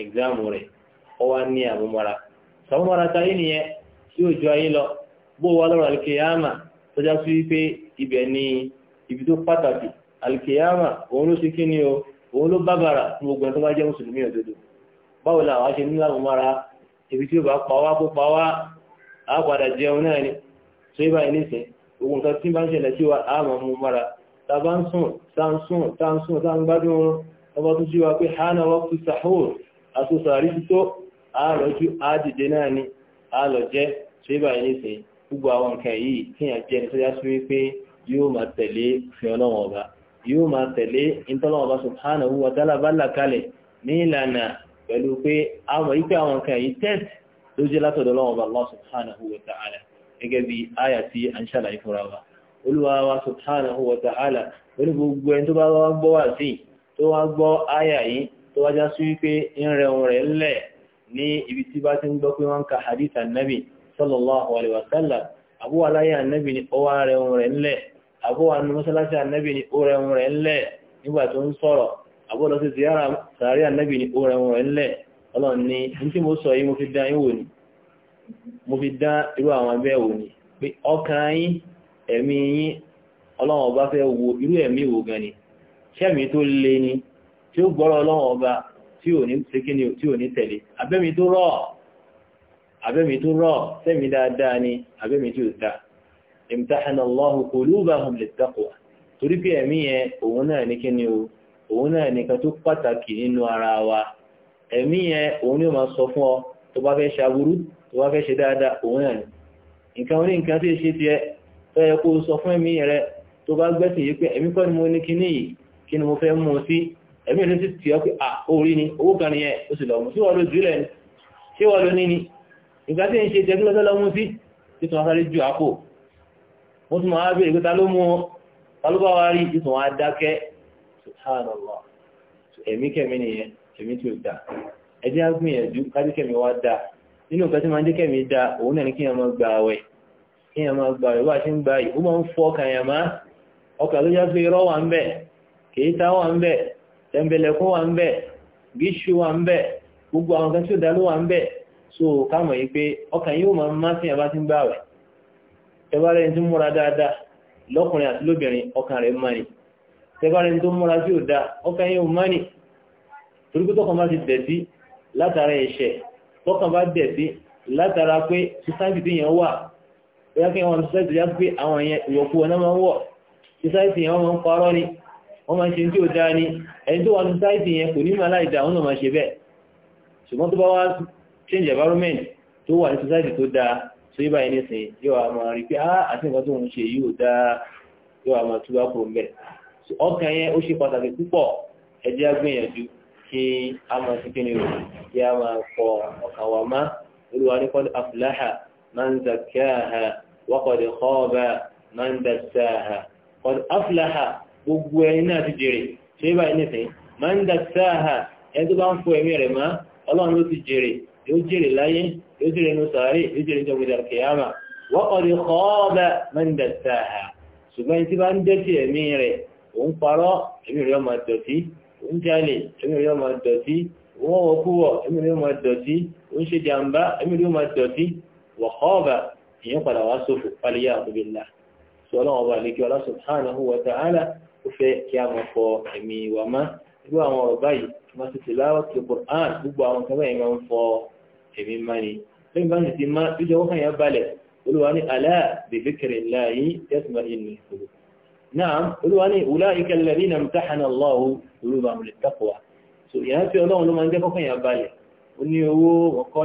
S1: ẹ̀gzáàmù rẹ̀ ọ wá ní àmúmọ́ra sàmúmọ́ra ta yìí nìyẹn tí ó ju ayé lọ bó wà lọ́rọ̀ alikeyama tọ́já sí wípé ibẹ̀ ni ibi tó pàtàkì alikeyama òun o òun ló bàbàrà fún gbogbo tó bá jẹ́ mùsùlùmí òdodo báwo la ṣe ní ibi tí ó bá pa wá kó pa wá á padà jẹun náà ni tó yẹ báyìí nísìn gbogbo nǹkan tí bá ń ṣẹlẹ̀ sí wa á mú mọ́ra ń sùn tá ń sùn tá ń sùn tá ń gbádùn tó ṣe ha àádìde náà ni àlọ́jẹ́ tó yẹ báyìí nísìnyí gbogbo àwọn nǹkan yìí kíyàn jẹ́ tó yá sí wípé yóò máa tẹ̀lé fi ọlọ́wọ̀n ọba yóò máa tẹ̀lé ìtọ́lọ́wọ̀n ọba subhanahu wa ta'ala bá là kalẹ̀ ní ìlànà pẹ̀lú pé àwọn nǹkan yìí a wa tó wá gbọ́ àyà ní ibi tí bá ti ń gbọ́ pé wọ́n ń ka hadith annabi sallallahu alaihi wasallam àbúwà láyé annabi ni ó wá rẹ̀ rẹ̀ ńlẹ̀ àbúwà ní mọ́sálásí annabi ni ó rẹ̀ rẹ̀ ńlẹ̀ nígbà tó ń sọ̀rọ̀ lọ sí ziyara annabi ni ó rẹ̀ rẹ̀ ńlẹ̀ ọlọ́run mo sọ yìí mo fi dán yín wò ni fi irú àwọn abẹ́ wò pé ọkàn yín ẹ̀mí yín ọlọ́run ọba fẹ́ wo irú ẹ̀mí gan ni ṣẹ́mi tó le tí ò ní ṣe kíni tí ò ní tẹ̀lé abẹ́mi tó rọ̀ abẹ́mi tó rọ̀ dáadáa ni abẹ́mi tí ò dá imtahana Allahu qulubahum lit-taqwa torí pé ẹ̀mí yẹn òun náà ní ni o òun náà nìkan tó pàtàkì nínú ara wa ẹ̀mí yẹn òun ni ó máa sọ fún ọ tó bá fẹ́ ṣaburú tó bá fẹ́ ṣe dáadáa òun náà ẹ̀mí ìlú sí ti ọkẹ́ à orí ni owó kan ni ẹ̀ ó sì lọ́mú sí wọ́n ló jù lẹ́nu ṣé wọ́n ló ní ni ìgbà tí ń ṣe jẹ́ kílọ́sẹ́ lọ́mú sí tí tún wá sáré ju àpò wọ́n tún máa bèèrè pé ta ló mú ọ ta ló bá wá rí tí tún wá dákẹ́ subhanallah ẹ̀mí kẹ̀mí nìyẹn ẹ̀mí tí ń jẹ́ ó máa ń fọ kàyàmá ọkà ló já pé irọ́ ń bẹ̀ kèé tá ń bẹ̀ tẹ̀m̀bẹ̀lẹ̀kọ́ wà ń bẹ̀ gíṣù wà ń gbogbo àwọn kan tí ó dá wà ń bẹ̀ so káàmọ̀ yìí pé ọkàn yóò máa má sí àbá tí ń gbààwẹ̀ tẹ́bára tó múra dáadáa lọ́kùnrin àti lóbìnrin ọkàn rẹ̀ tó múra tí ò dá ọkàn yóò ni torí pé tọkàn bá ti dẹ̀sí látara wọ́n máa ń ṣe tí ó dáa ní ẹni tó wà ní sáìtì yẹn kò ní máa láìdá wọn náà máa ṣe bẹ́ẹ̀ ṣùgbọ́n tó bá wá change environment tó wà ní society tó dáa tó yí báyìí nísìn yóò wá máa rí pé ah àti nǹkan tó ń ṣe yóò dáa yóò wá máa túbá kúrò mbẹ́ ọkàn yẹn ó ṣe pàtàkì púpọ̀ ẹ jẹ́ kí a máa ti kíni rò kí a máa kọ ọkàn wa má olúwa ní qad aflaha man zakkaha wa gbogbo ẹyin náà ti jèrè ṣé báyìí nìsín máa ń da sáà ẹni tó bá ń fọ ẹ̀mí rẹ̀ mọ́ ọlọ́run ló ti jèrè yóò jèrè láyé yóò jèrè inú sàárè yóò jèrè ìjọba ìdàrú kìyàmà wọ́n kọ́ di kọ́ọ́bà máa ń da sáà ṣùgbọ́n ẹni tí bá ń dẹ́tì ẹ̀mí rẹ̀ òun parọ́ ẹ̀mí rẹ̀ máa dọ̀tí òun jalè ẹ̀mí rẹ̀ máa dọ̀tí òun wọ̀kúwọ̀ ẹ̀mí rẹ̀ máa dọ̀tí òun ṣe jàǹbá ẹ̀mí rẹ̀ máa dọ̀tí wọ̀kọ́ọ̀bà ìyẹn padà wá sófò pálíyà àbúbílà sọ́lọ́wọ́ bá lè kí ọlá subhanahu wa ta'ala ó fẹ́ kí a máa fọ ẹ̀mí wa mọ́ irú àwọn ọ̀rọ̀ báyìí máa ti tèlá ọ̀tí Qur'an gbogbo àwọn kan báyìí máa ń fọ ẹ̀mí má ni lẹ́yìn bá ń ti má jíjọ wọ́n yẹn balẹ̀ olúwa ní alá bi dhikrillahi tatma'innul qulub náà máa yẹn balẹ̀ ó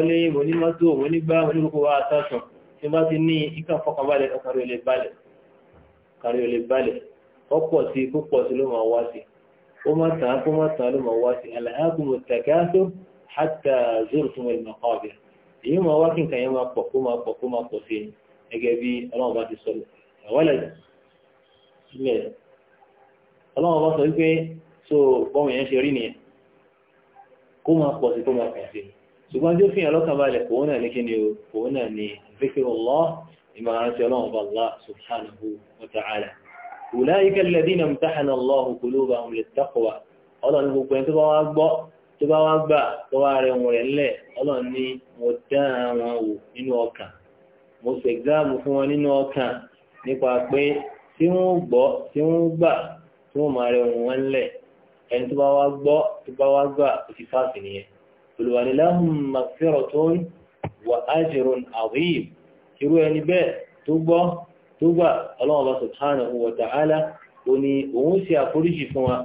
S1: ní ní mọ́tò mo ní gbá mo ní gbogbo wa àtàṣàn tí wọ́n bá ti olè balẹ̀ ọ̀pọ̀ sí púpọ̀ sí ló máa wá sí ó má tàn án kó má tàn án ló máa wá sí alhaakumu takathur hatta zurtumul maqabir èyí máa wá kí nǹkan yẹn máa pọ̀ kó máa pọ̀ kó máa pọ̀ sí i gẹ́gẹ́ bí ọlọ́run bá ti sọ ìwọlẹ̀ ilẹ̀ ọlọ́run bá sọ wípé so bọ́ọ̀mù yẹn ṣe rí nìyẹn kó máa pọ̀ sí kó máa pọ̀ sí ṣùgbọ́n tí ó fi hàn lọ́kàn balẹ̀ kò náà ní kí ni o kò náà ní ulaika alladhina imtahana Allahu qulubahum lit-taqwa ọlọ́run ní gbogbo ẹni tó bá wá gbọ́ tó bá wá gbà tó wá rẹ̀ wọ̀n rẹ̀ lẹ̀ ọlọ́run ní mo dá wọn wò nínú ọkàn mo sì gáàmù fún wọn nínú ọkàn nípa pé tí tó gbọ́ tó gbà ọlọ́run ọba subhanahu wa ta'ala ó ní òun ṣe àforíjì fún wa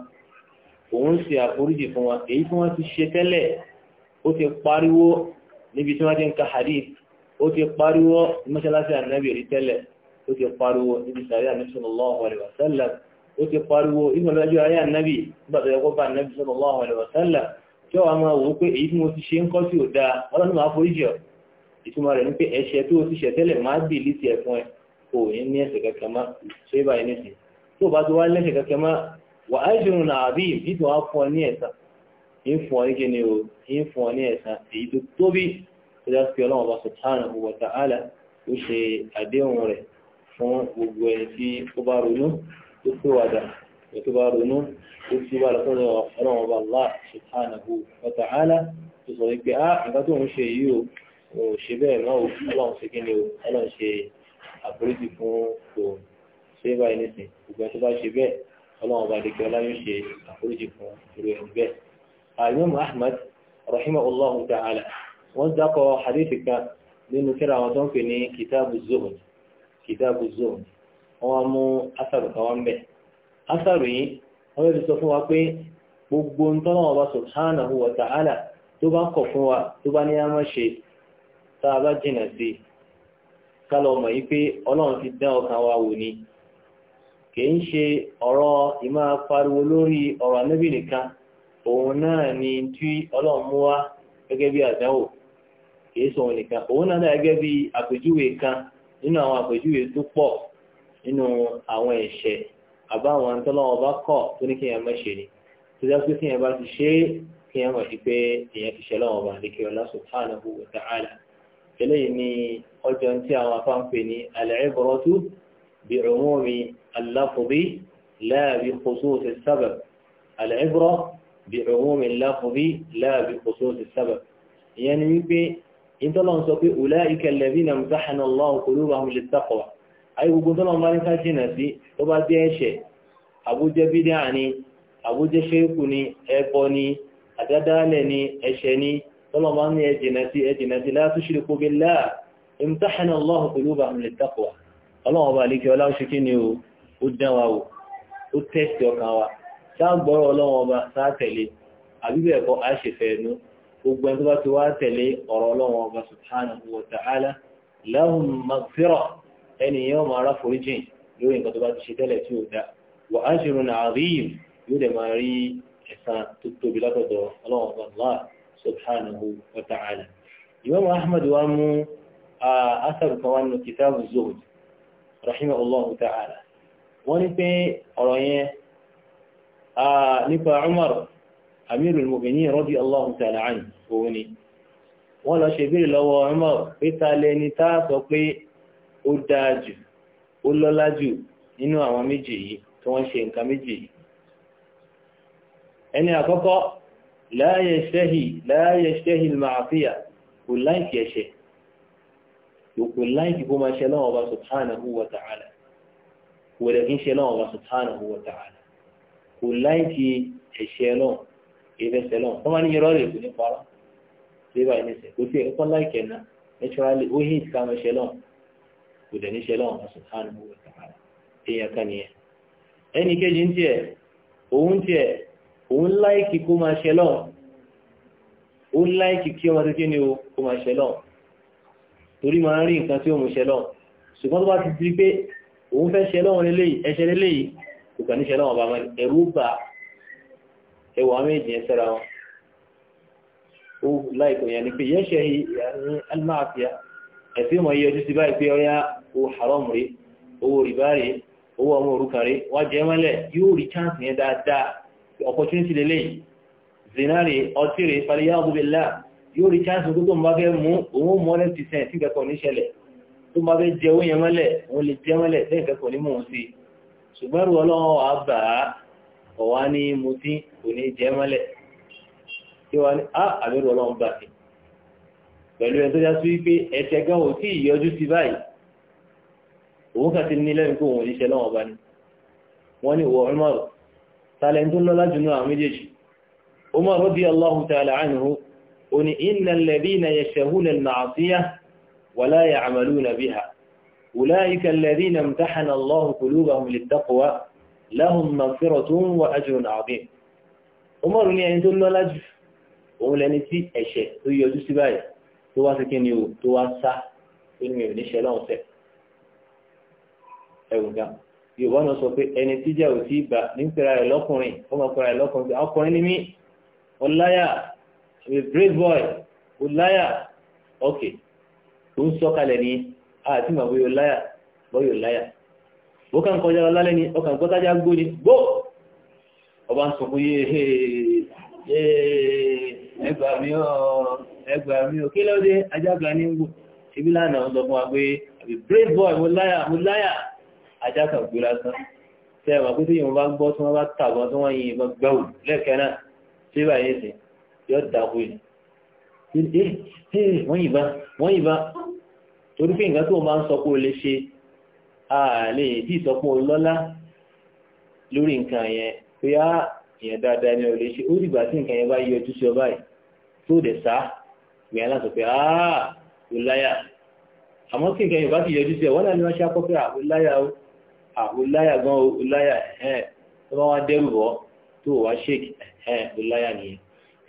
S1: òun ṣe àforíjì fún wa èyí tí wọ́n ti ṣe tẹ́lẹ̀ ó ti pariwo níbi tí wọ́n ti ń ka hadith ó ti pariwo mọ́ṣáláṣí ànábì rí tẹ́lẹ̀ ó ti pariwo níbi sàrí ànábì sallallahu alaihi wa sallam ó ti pariwo ìgbàlódé ayé ànábì nígbà tó yẹ kó bá ànábì sallallahu alaihi wa sallam tí wọ́n máa kò ní ní ẹ̀ṣẹ̀ kankan mọ́ ṣé báyìí ní sí tó bá ti wá lẹ́ṣẹ̀ kankan mọ́ wà á ṣe rùn àbí ìbídùn á fún ọ ní ẹ̀san ń fún ọ ní kíni o ń fún ọ ní ẹ̀san èyí tó tóbi tó dá sí ọlọ́run ọba subhanahu wa ta'ala ó ṣe àdéhùn rẹ̀ fún gbogbo ẹni tí ó bá ronú tó tó wàdà tó bá ronú tó sì Allah subhanahu wa ta'ala tó sọ wípé á ah, nǹkan tó ń ṣe yìí o ò ṣe bẹ́ẹ̀ náà ọlọ́run ṣe kíni o ọlọ́run ṣe àforíjì fún òun ṣé báyìí nìsín ìgbà tó bá ṣe bẹ́ẹ̀ ọlọ́run bá dèkẹ́ ọlá yóò ṣe àforíjì fún irú ẹni bẹ́ẹ̀. Imam Ahmad rahimahullahu ta'ala wọ́n dákọ̀ hadithi kan nínú kíra àwọn tó ń pè ní kitabu zuhud kitabu zuhud wọ́n mú asaru kan wọ́n bẹ̀. asaru yìí wọ́n yóò sọ fún wa pé gbogbo ń tọ́nà ọba subhanahu wa ta'ala tó bá kọ̀ fún wa tó bá ní kálọ̀ ọmọ yìí pé ọlọ́run ti wa wò ni kìí ń ṣe ọ̀rọ̀ ìmá pariwo lórí ọ̀rọ̀ anábì nìkan òun náà ni tí ọlọ́run mú wá gẹ́gẹ́ bí kìí sọ òun nìkan òun náà gẹ́gẹ́ bí àpèjúwe kan nínú àwọn àpèjúwe tó pọ̀ nínú àwọn ẹ̀ṣẹ̀ àbáwọn tọ́lọ́wọ́ bá kọ̀ tó ní ni tó dá pé bá ti ṣe é mọ̀ sí pé ti ṣẹlọ́wọ́ bá ọlá eléyìí ni ọjọ́ tí àwọn afá ń pè ní al-ibratu bi umumi al-lafzi la bi khusus as-sabab al-ibra bi umumi al-lafzi la bi khusus as-sabab ìyẹn ni wípé ìtọ́lọ̀ ń sọ pé ulaika alladhina imtahana Allahu qulubahum lit-taqwa ayé gbogbo tọ́lọ̀ ń bá ní ká jìnà sí tó bá jẹ́ ẹ̀ṣẹ̀ àbújẹ́ bídíà ni àbújẹ́ ṣẹ́kù ni ẹbọ ni àdádálẹ̀ ni ẹ̀ṣẹ̀ ni tọ́lọ́mọ ní ẹjìnà sí ẹjìnà sí la tushriku billah imtahana Allahu qulubahum lit-taqwa ọlọ́wọ́n bá àlékè ọlá oṣù kí ni o ó dán wa o ó tẹ́sì ọkàn wa sáà gbọ́rọ̀ ọlọ́wọ́n bá sáà tẹ̀lé àbíbẹ̀ ẹ̀kọ́ á ṣe fẹ́ nu gbogbo ẹni tó bá ti wá tẹ̀lé ọ̀rọ̀ ọlọ́wọ́n bá subhanahu wa ta'ala lahum maghfirah ẹnìyàn máa rá foríjìn lórí nǹkan tó bá ti ṣe tẹ́lẹ̀ tí ó dá wa ajrun 'azim yóò dẹ̀ máa rí ẹ̀san tó tóbi látọ̀dọ̀ ọlọ́wọ́n bá subhanahu wa ta'ala imam ahmad wa mú asaru kan wá nínú kitabu zuhud rahimahullahu ta'ala wọ́n ní pé ọ̀rọ̀ yẹn nípa umar amirul mu'minin radiyallahu ta'ala anhu òun ni wọ́n lọ ṣe bèèrè lọ́wọ́ Umar pé ta lẹni sọ pé ó dáa jù ó lọ́lá jù nínú àwọn méjì yìí tí wọ́n ṣe nǹkan méjì yìí ẹni àkọ́kọ́ láyé ṣẹ́hì láyé ṣẹ́hì màáfíà kò láìkì ẹ̀ṣẹ̀ kò láìkì kó máa ṣe lọ́wọ́ ọba subhanahu wa ta'ala kò rẹ̀ kí ń ṣe lọ́wọ́ ọba subhanahu wa ta'ala kò láìkì ẹ̀ṣẹ̀ náà ìfẹsẹ̀ náà wọ́n máa ní irọ́ rẹ̀ kò ní parọ́ síbà ìníṣẹ̀ kò sí ẹ̀kọ́ láìkì ẹ̀ná naturally ó hìt ká lọ́wọ́ kò lọ́wọ́ ọba subhanahu wa òun láìkì kó máa ṣe lọ́wọ́ òun láìkì kí ọmọ tuntun ni kó máa ṣe lọ́wọ́ torí máa ń rí nǹkan tí ó mú ṣe lọ́wọ́ ṣùgbọ́n tó bá ti di pé òun fẹ́ ṣe lọ́wọ́ lélẹ́yìí ẹṣẹ́ lélẹ́yìí kò kàn ní ṣe lọ́wọ́ bàbá ẹ̀rú bà ẹwà méjì ẹ sẹ́ra wọn ó láìkò yẹn ni pé yẹ́ ṣe almáàfíà ẹ̀sí mọ̀ iye ojú sí báyìí pé ọya owó haram rí owó rìbá owó ọmọ òrukàn rí wájẹ́ mọ́lẹ̀ yóò rí chance yẹn dáadáa opportunity lélẹ̀ zinari ọtí rẹ̀ fàlíyà ọdúnbẹ̀lá yóò rí chance tó tó ń bá fẹ́ mú òun mú ọ̀rẹ́ ti sẹ̀ tí kẹ́kọ̀ọ́ ní ṣẹlẹ̀ tó ń bá fẹ́ jẹ oúnjẹ mọ́lẹ̀ òun lè jẹ mọ́lẹ̀ lẹ́yìn kẹ́kọ̀ọ́ ní mò ń sí ṣùgbọ́n rú ọlọ́wọ́ wa bà á ọ̀wá ní mo tí kò ní jẹ mọ́lẹ̀ tí wọ́n ní á àbẹ̀rù ọlọ́run bà sí pẹ̀lú ẹ̀ tó já sí wípé gan ò tí ìyọjú sí báyìí òun kà ti ní lẹ́yìn kó òun ní ṣẹlọ́wọ́ bá ní wọ́n ní ìwọ ọmọ tààlẹ̀ tó lọ́lá jùlọ àwọn méjèèjì Umar radiyallahu ta'ala anhu ó ní innal ladhina yashahuna al-ma'siyah wa la ya'maluna biha ulaika alladhina imtahana Allahu qulubahum lit-taqwa lahum maghfiratun wa ajrun 'azim Umar ní ẹni tó lọ́lá jù òun lẹni tí ẹ̀ṣẹ̀ tó o tó wá gan yorùbá náà sọ pé ẹni tíjà ò tí bà ní pẹ̀lú rẹ̀ lọ́kùnrin ọmọ pẹ̀lú rẹ̀ lọ́kùnrin pé ọkùnrin ni mí ọláyà a brave boy ọláyà ok tó ń sọ́kalẹ̀ ní àti màá bóyá ọláyà bóyá ọláyà bó kàn kọjá ọlálẹ́ ni ọkàn gbọ́tájá gbó ni gbó ọba ń sọ fún yé ẹgbà mi ọ ẹgbà mi ò kí lóde ajága ní gbò ṣe bí lánàá ń sọ fún wa pé brave boy mo láyà mo láyà ajá kan gbó lásán tẹ ẹ mọ̀ pé tí yìnbọn bá gbọ́ tí wọ́n bá tàbọn tí wọ́n yin ìbọn gbẹ́wò lẹ́ẹ̀kẹ́ náà tí bá yẹn sè yọ dàkú yìí wọ́n yìnbọn wọ́n yìnbọn torí pé nǹkan tó máa ń sọ pé o lè ṣe àlè tí ìsọpọ̀ lọ́lá lórí nǹkan yẹn pé á dáadáa ni o lè ṣe ó dìgbà tí nǹkan yẹn bá yọjú sí ọ báyìí tó dẹ̀ sá ìyẹn láti pé áà kò láyà àmọ́ tí nǹkan yẹn bá ti àwòláyà gan oláyà ẹ̀ tó bá wá dẹ́rù bọ́ tó wá ṣèkì ẹ̀ oláyà nìyẹn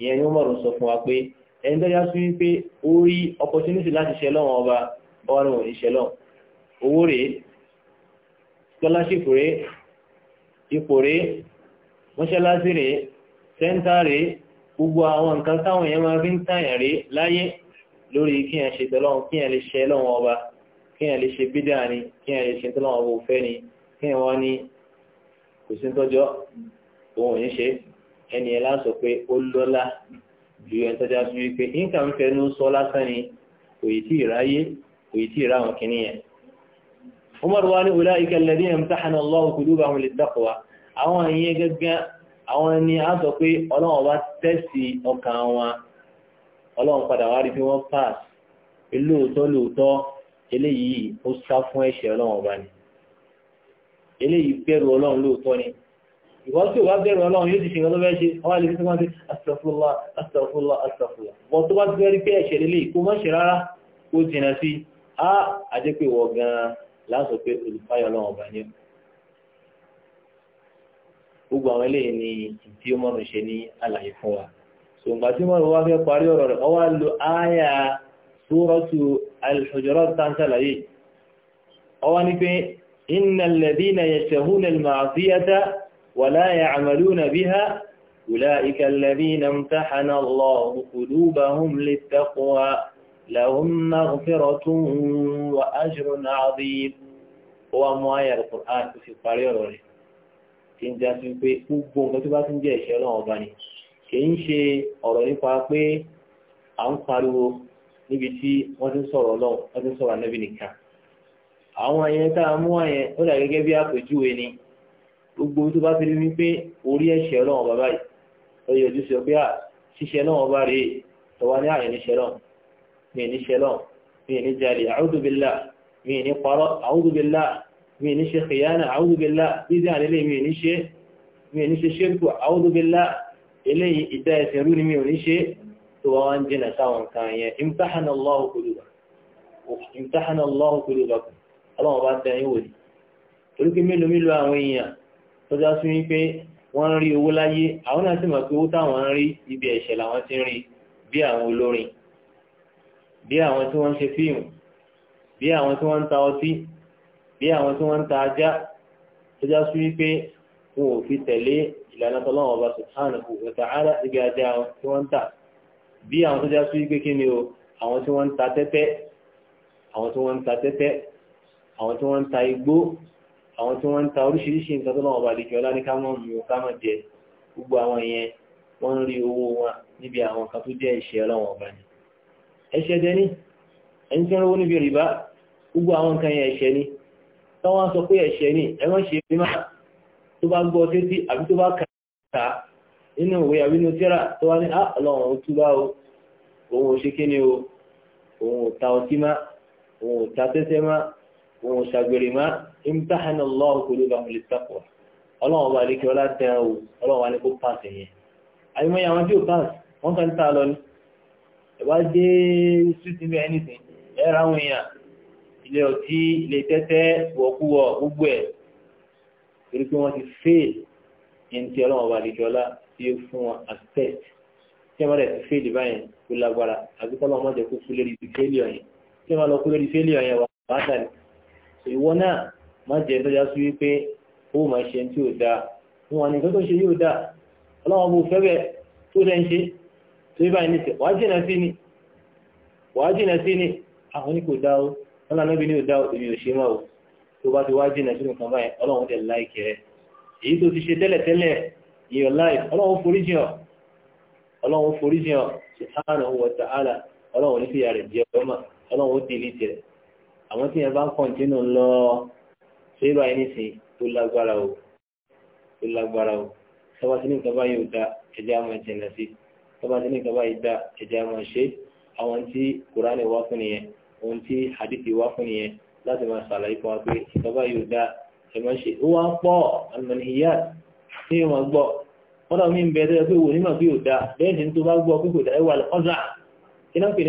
S1: ìyẹn ni wọ́n mọ̀rọ̀ sọ fún wa pé ẹni tó yá sí wípé ó rí opportunity láti ṣe lọ́wọ́n ọba ọrùn ìṣẹ́ lọ owó rèé scholarship rèé ipò rèé mọ́ṣáláṣí rèé sẹ́ńtà rèé gbogbo àwọn nǹkan táwọn èèyàn máa fi ń tàyàn rèé láyé lórí kí ẹ̀ ṣe tọ́lọ́run kí ẹ̀ lè ṣe lọ́wọ́n ọba kí ẹ̀ lè ṣe bídà ni kí ẹ̀ lè ṣe tọ́lọ́run ọba òfẹ́ ni kí wọ́n ní kò sí tọ́jọ́ òun ò ní ṣe ẹni ẹ̀ láti sọ pé ó lọ́lá ju ẹni tọ́jọ́ sí wípé nǹkan ń fẹnu sọ lásán ni kò yìí tí ì ráyé kò yìí tí ì ráwọn kìíní yẹn. Umar wa ní ulaika alladhina imtahana Allahu qulubahum lit-taqwa àwọn ìyẹn gẹ́gẹ́ àwọn ẹni á sọ pé ọlọ́run bá tẹ́sì ọkàn wọn ọlọ́run padà wá rí bí wọ́n pass ilé òótọ́ lóòótọ́ eléyìí ó sá fún ẹ̀ṣẹ̀ ọlọ́run ọba ni eléyìí bẹ̀rù ọlọ́run lóòótọ́ ni ìwọ́n tí ó bá bẹ̀rù ọlọ́run yóò ti ṣe ọlọ́bẹ̀ ṣe ọwá lè fi wọ́n ti astagfirullah astagfirullah astagfirullah bọ́ tó bá ti fẹ́ rí pé ẹ̀ṣẹ̀ lélẹ̀ kó má ṣe rárá ó jìnà sí a àjẹpẹ́ wọ gan-an láǹsọ pé olùfáyọ̀ ọlọ́run ọba ni gbogbo àwọn eléyìí ni tí ó mọ̀rùn ṣe ní àlàyé fún wa ṣùgbọ́n tí mọ̀rùn wá fẹ́ parí ọ̀rọ̀ rẹ̀ ọwá lo áyà suratu al-Hujurat tàǹtà láyé ọwá ní pé إن الذين يشتهون المعصية ولا يعملون بها أولئك الذين امتحن الله قلوبهم للتقوى لهم مغفرة وأجر عظيم هو موايا القرآن في القرآن tí ń já sí pé gbogbo nǹkan tó bá ti ń jẹ́ ìṣẹ́ ọlọ́run ọba ni kì í ṣe ọ̀rọ̀ nípa pé à ń pariwo níbi tí wọ́n ti ń sọ̀rọ̀ ọlọ́run wọ́n ti ń sọ̀rọ̀ anábì nìkan àwọn yẹn tá a mú wọn yẹn ó dà gẹ́gẹ́ bí àpèjúwe ni gbogbo tó bá fi rí wípé orí ẹ̀ṣẹ̀ ọlọ́run bàbá yìí ó yẹ ojú sọ pé à ah, ṣíṣe náà bá rèé tọwọ́ ní àyẹ̀ níṣẹ́ lọ́n mi níṣẹ́ lọ́n mi ní jalè a'udhu billah mi ní parọ́ a'udhu billah mi ní ṣe khiyana a'udhu billah bíbí àlélẹ́ mi ní ṣe mi ní ṣe ṣírkù a'udhu eléyìí ìdá ẹ̀sìn rú ni mi ò ní ṣe wọn jìnà sáwọn kan yẹn imtahana Allahu qulubakum ọlọ́run bá tẹ yín wò ni torí pé mélòó mélòó àwọn èèyàn tó já sí wípé wọ́n ń rí owó láyé àwọn náà sì mọ̀ pé owó táwọn ń rí ibi ẹ̀ṣẹ̀ làwọn ti ń rí bí àwọn olórin bí àwọn tí wọ́n ń ṣe fíìmù bí àwọn tí wọ́n ń ta ọtí bí àwọn tí wọ́n ń ta ajá tó já sí wípé wọn ò fi tẹ̀lé ìlànà tọ́lọ́wọ́n ọba subhanahu wa ta'ala ibi ajá tí wọ́n ń tà bí àwọn tó já sí wípé kí ni o àwọn tí wọ́n ń ta tẹ́tẹ́ àwọn tí wọ́n ń ta tẹ́tẹ́ àwọn tí wọ́n ń ta igbó àwọn tí wọ́n ń ta oríṣiríṣi nǹkan tó lọ́wọ́ bá lè jọ láti ká mọ́ mi ò ká mọ̀ jẹ gbogbo àwọn yẹn wọ́n ń rí owó wọn níbi àwọn nǹkan tó jẹ́ ìṣe ọlọ́wọ́n ọba ni. ẹ̀ṣẹ̀ dẹni ẹni tí wọ́n rówó níbi rìbá gbogbo àwọn nǹkan yẹn ẹ̀ṣẹ̀ ni táwọn sọ pé ẹ̀ṣẹ̀ ni ẹ má ṣe bí má tó bá gbọ́ títí àbí tó bá kà á nínú ìwé àbí nínú tíra tó wá ní á ọlọ́run ó túbá o òun ò ṣe kí o òun ò ta ọtí má òun ò ta tẹ́tẹ́ má wọn ṣàgbèrè má imtahana Allahu qulubahum lit-taqwa ọlọ́wọ́n bá lè kí ọlá tẹ ọ ọlọ́wọ́n wà ní kó pàṣẹ yẹn àyùmọ̀yà wọn tí ò pàṣ wọn kàn tà lọ ni ẹ̀wá dé street níbi anything ẹ̀rọ àwọn èèyàn ilé ọtí ilé tẹ́tẹ́ wọ̀kúwọ̀ gbogbo ẹ̀ torí pé wọ́n ti fail ẹni tí ọlọ́wọ́n bá kí ọlá tí ó fún wọn as tí ẹ bá ti fail báyìí kó lágbára àbíkọ́ ìwọ náà má jẹ́ tọ́já sí wípé ó máa ṣe tí ò dáa wọn wà ní tó ṣe yóò dáa ọlọ́wọ́n bó fẹ́ tó ń ṣe tó wàá jìnà sí ni wàá jìnà sí ni àwọn ní kò dáa o wọn lànà bí ní ò dáa o èmi ò ṣe o tó bá ti wá jìnà sí nǹkan báyìí ọlọ́wọ́n tẹ̀ láìkẹ́ rẹ èyí tó ti ṣe tẹ́lẹ̀tẹ́lẹ̀ láì ọlọ́wọ́n ọlọ́wọ́n ọlọ́wọ́n ní àwọn tí yẹn bá ń kọ̀ǹtínú lọ ṣé bá yẹn nìṣe tó lágbára o tó lágbára o tọ́ba tí ní nǹkan báyìí ò da ẹ̀jẹ̀ á máa jìnà sí tọ́ba tí ní nǹkan báyìí da ẹ̀jẹ̀ á máa ṣe àwọn tí kùránì wá fún nìyẹn ohun tí hadithi wá fún nìyẹn láti máa ṣàlàyé fún wa pé nǹkan báyìí ò da ẹ̀ máa ṣe ó wá ń pọ̀ àmàlìyá tí yóò máa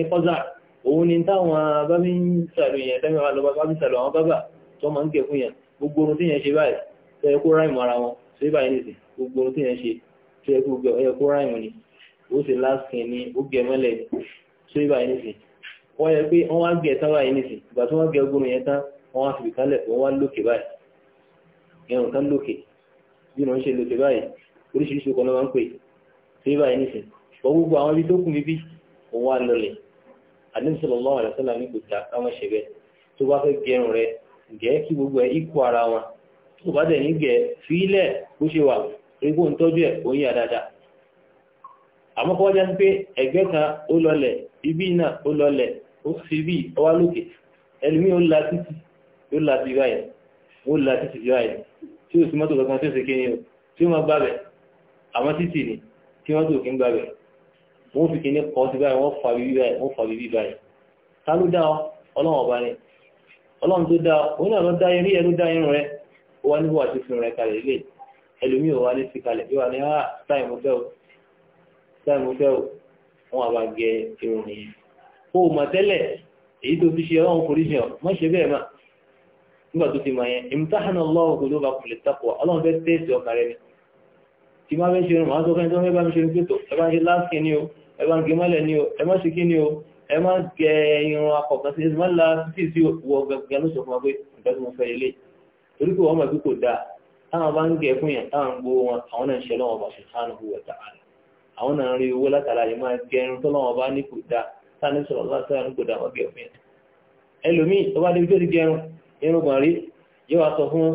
S1: gbọ́ òun ni táwọn bábí ń sàlù yẹn tẹ́mi wà lọ́ba bábí sàlù àwọn bábà tó máa ń ké fún yẹn gbogbo orun tí yẹn ṣe báyìí tó yẹ kó ráìmù ara wọn tó yẹ báyìí nìsín gbogbo orun tí yẹn ṣe tó yẹ kó ráìmù ni ó sì lásìkè ni ó gẹ mọ́lẹ̀ tó yẹ báyìí nìsín wọ́n yẹ pé wọ́n wá gẹ tán báyìí nìsín ìgbà tó wọ́n gẹ ogun yẹn tán wọ́n wá fìbì kálẹ̀ wọ́n wá lókè báyìí ẹ̀rùn kan lókè bí àdínsọ̀lọ́mọ́ àdásọ́là ní kò tà káwọn ṣe bẹ́ẹ̀ tó bá fẹ́ gẹrun rẹ gẹ̀ kí gbogbo ẹ̀ ikú ara wọn tó bá dẹ̀ ní gẹ̀ fílẹ̀ bó ṣe wà rígbó ń tọ́jú ẹ̀ ó yà dáadáa àmọ́ kọ́ wájá sí pé ẹ̀gbẹ́ kan ó lọlẹ̀ ibi náà ó lọlẹ̀ ó fi bí ọwá lókè ẹlùmí ó la títì ó la ti báyìí ó la títì ti báyìí tí ó sì mọ́tò kankan tí ó sì kéyìn o tí ó máa gbàbẹ̀ àmọ́ títì ni tí mọ́tò kí ń gbàbẹ̀ wọ́n fi kíní kọ́ sí báyìí wọ́n fa bíbí báyìí wọ́n fa bíbí báyìí ta ló dá ọ ọlọ́run ọba ni ọlọ́run tó dá ọ òun náà ló dá eré ẹ ló dá irun rẹ ó wá níbo àti rẹ kalẹ̀ lé ẹlòmíì wá sí kalẹ̀ yóò wá ní ah, fẹ́ o fẹ́ wọ́n wá fi ṣe ọlọ́run kò rí ọ mọ̀ ṣe bẹ́ẹ̀ má nígbà tó ti mọ̀ yẹn ìmùtáhánà tí máa fẹ́ ṣe irun máa sọ́kẹ́ tó fẹ́ bá mi ṣe pé tó ẹ bá ṣe láàkì ni o ẹ bá ń gé mọ́lẹ̀ ni o ẹ má ṣe kí ni o ẹ má gẹ irun akọ̀kan sí ẹsẹ̀ má la sí sí wọ gẹ́gẹ́ ló sọ fún wa pé nǹkan tí mo fẹ́ lélẹ̀ torí pé wọ́n mọ̀ pé kò dáa táwọn bá ń gẹ fún yàn táwọn ń gbowó wọn àwọn náà ń ṣe lọ́wọ́ bá ṣe sáànù wọ̀ tààrà àwọn náà rí owó látara máa gẹ irun tó lọ́wọ́ bá ní kò dáa táwọn sọ̀rọ̀ láti sáànù kò dáa wọ́n gẹ fún yàn ẹlòmíì tó bá débi tó ti gẹrun irun gbọ̀n rí yóò wá sọ fún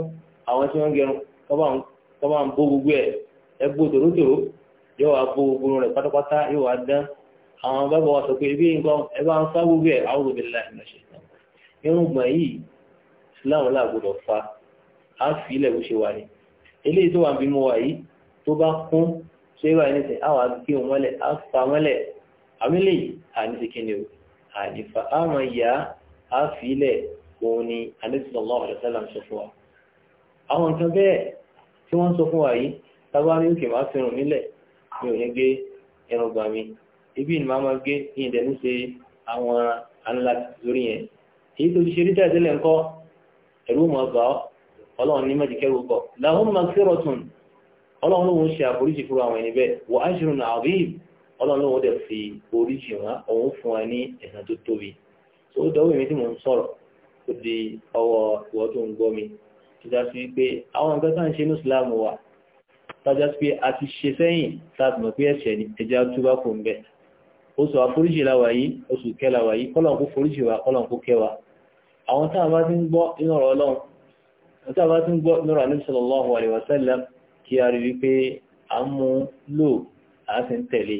S1: àwọn tí wọ́n gẹrun kọ́ bá ń bó gbogbo ẹ̀ ẹgbó tòrótòró yóò wá bó gbogbo rẹ̀ pátápátá yóò wá dán àwọn bàbá wa sọ pé ebi nǹkan ẹ bá ń fá gbogbo ẹ̀ àwọn òbí ńlá ìmọ̀ ṣe tán irun gbọ̀n yìí islam làgbọdọ̀ fa á fi ilẹ̀ bó ṣe wà ní eléyìí tó wà bí mo wà yìí tó bá kún ṣé ìwà ẹni sẹ àwọn agbègbè wọn mọ́lẹ̀ á fa mọ́lẹ̀ àmì lè àní ti kíni o àní fa á mọ ìyá á fi ilẹ̀ òun ni àníṣe sallallahu alaihi wasallam sọ fún wa àwọn nǹkan bẹ́ẹ̀ tí wọ́n sọ fún wa yìí tábà ní òkè máa fẹ́ràn nílẹ̀ mi ò ní gé ẹrùngbà mi ibi ni màá máa gé ní ìdẹ̀ ní ṣe àwọn anla lórí yẹn èyí tó ti ṣe rí tẹ́lẹ̀ ńkọ́ ẹ̀rú mọ̀ gbà ọ́ ọlọ́run ní mẹ́jìkẹ́ rúkọ làwọn máa fẹ́rọ̀ tún ọlọ́run ló ń ṣe àforíjì fúra àwọn ẹni bẹ́ẹ̀ wọ́n á ṣirò náà àbí ọlọ́run ló ń dẹ̀ fi oríjì wọn òun fún wa ní ẹ̀san tó tóbi tó dọ́wọ́ èmi tí mò ń sọ̀rọ̀ ó di ọwọ́ ìwọ́ tó ń gbọ́ mi títà sí pé àwọn nǹkan tá à ń ṣe ní ìsìláàmù wa tájá pé a ti ṣe sẹ́yìn láti mọ̀ pé ẹ̀ṣẹ̀ ni ẹja túbá kò ń bẹ̀ oṣù àforíjì la wà yìí oṣù kẹ́ la wà yìí kọ́lọ̀ kó foríjì wa kọ́lọ̀ kó kẹ́ wa àwọn tá ti ń gbọ́ inú alaihi wasallam kí a rí wípé à ń mú lò à ń sì ń tẹ̀lé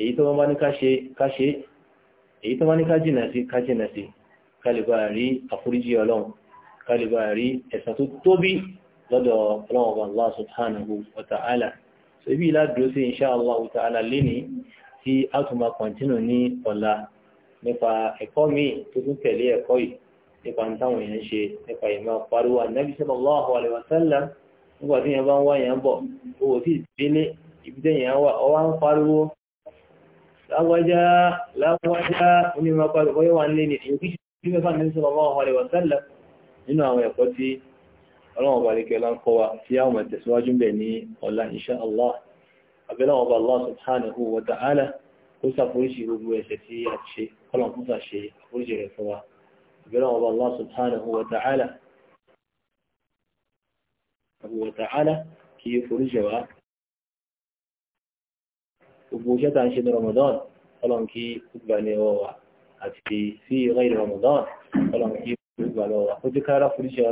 S1: èyí tó bá ní ká ṣe ká ṣe èyí tó bá lọ́dọ̀ ọlọ́wọ́ Allah subhanahu wa ta'ala so ibi ìlàdúró sí insha Allah ta'ala léni tí a tún máa kọ̀ntínù ní ọ̀la nípa ẹ̀kọ́ míì tó tún tẹ̀lé ẹ̀kọ́ yìí nípa ń táwọn èèyàn ṣe nípa ìmọ̀ pariwo ànábì sallallahu alaihi wasallam nígbà tí yẹn bá ń wá yẹn bọ̀ owó tí ìdílé ibi tẹ́yìn wà ọwá ń pariwo lágbájá lágbájá onímọ̀ pariwo yóò wà nílé ní èyí kí ọlọ́wọ̀n bá lè kẹlá ń kọ́ wa tí a mọ̀ tẹ̀síwájú bẹ̀ ní ọ̀la insha Allah abẹ́lẹ́wọ̀n bá Allah subhanahu wa ta'ala ó sàforíṣi gbogbo ẹ̀ṣẹ̀ tí a ti ṣe kọ́lọ̀ fún sàṣe àforíṣi rẹ̀ fún wa abẹ́lẹ́wọ̀n bá Allah subhanahu wa ta'ala wa ta'ala kí foríṣi wa gbogbo iṣẹ́ tá ó ti kára foríṣi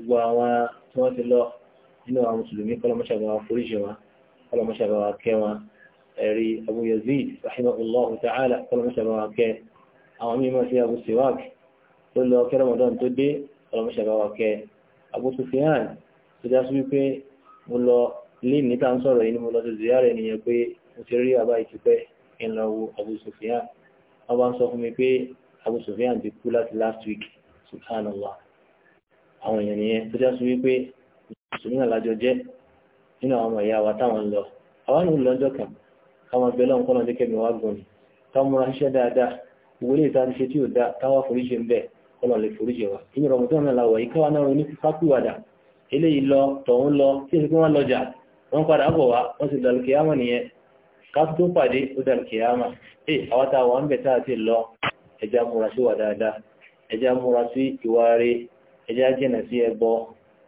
S1: gbogbo àwọn tí wọ́n ti lọ nínú àwọn mùsùlùmí kọlọmọṣàbà wa foríṣi wọn kọlọmọṣàbà wa kẹ wọn ẹ̀rí Abu Yazid rahimahullahu ta'ala kọlọmọṣàbà wa kẹ àwọn mímọ̀ sí Abu Siwak tó lọ kí Ramadan tó dé kọlọmọṣàbà wa kẹ Abu Sufyan tó dá sí wípé mo last week subhanallah àwọn èèyàn nìyẹn tó já sí wípé mùsùlùmí náà lájọ jẹ́ nínú àwọn ọmọ ìyá wa táwọn ń lọ àwọn ìlú lọ́jọ́ kan káwọn abẹ́lẹ́ ọ̀hún kọ́nà dékẹ́ mi wá gùn ni káwọn múra ṣiṣẹ́ dáadáa owó lè ta ṣe tí ò dá káwọn foríṣe ń bẹ̀ kọ́nà lè foríṣe wa inú ọmọdé náà la wọ̀ yìí káwọn náà lọ tọ̀hún lọ tí èsì pé wọ́n wọ́n padà bọ̀ wá wọ́n sì dàlùkì nìyẹn tó a ti lọ ẹja múra sí wà dáadáa ẹja ẹjẹ́ ajínà sí ẹbọ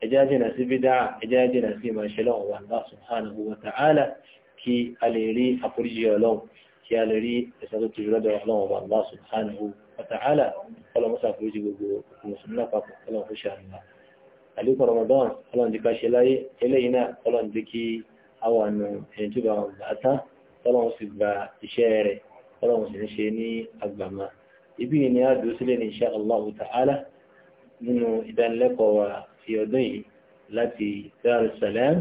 S1: ẹjẹ́ ajínà sí bídá ẹjẹ́ ajínà sí ìmọ̀ṣẹ́lọ́ wa Allah subhanahu wa ta'ala kí a lè rí àforíjì ọlọ́run kí a lè rí ẹ̀sẹ̀ tó ti rọ́dọ̀ ọlọ́run wa Allah subhanahu wa ta'ala ọlọ́mọ́sà àforíjì gbogbo mùsùlùmí lápapọ̀ ọlọ́run fún ṣàmìlá àlékún Ramadan ọlọ́run ti ká ṣe láyé eléyìí náà ọlọ́run ti kí nínú ìdánilẹ́kọ̀ọ́ wa ti ọdún yìí láti Dar es Salaam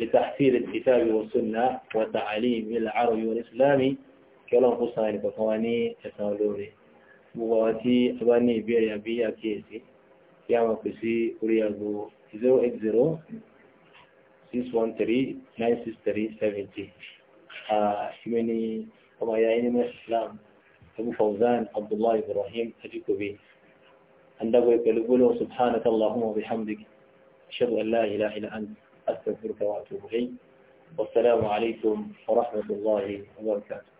S1: لتحفير الكتاب والسنة وتعليم العربي والإسلامي كلام قصان بقواني يسألوني وواتي أباني بيري أبي أكيسي يا مكسي أرياغو 080 613 96370 شمني وما يعيني من الإسلام أبو فوزان عبد الله إبراهيم أجيكو بيه عندما يقول سبحانك اللهم وبحمدك أشهد أن لا إله إلا أنت أستغفرك وأتوب إليك والسلام عليكم ورحمة الله وبركاته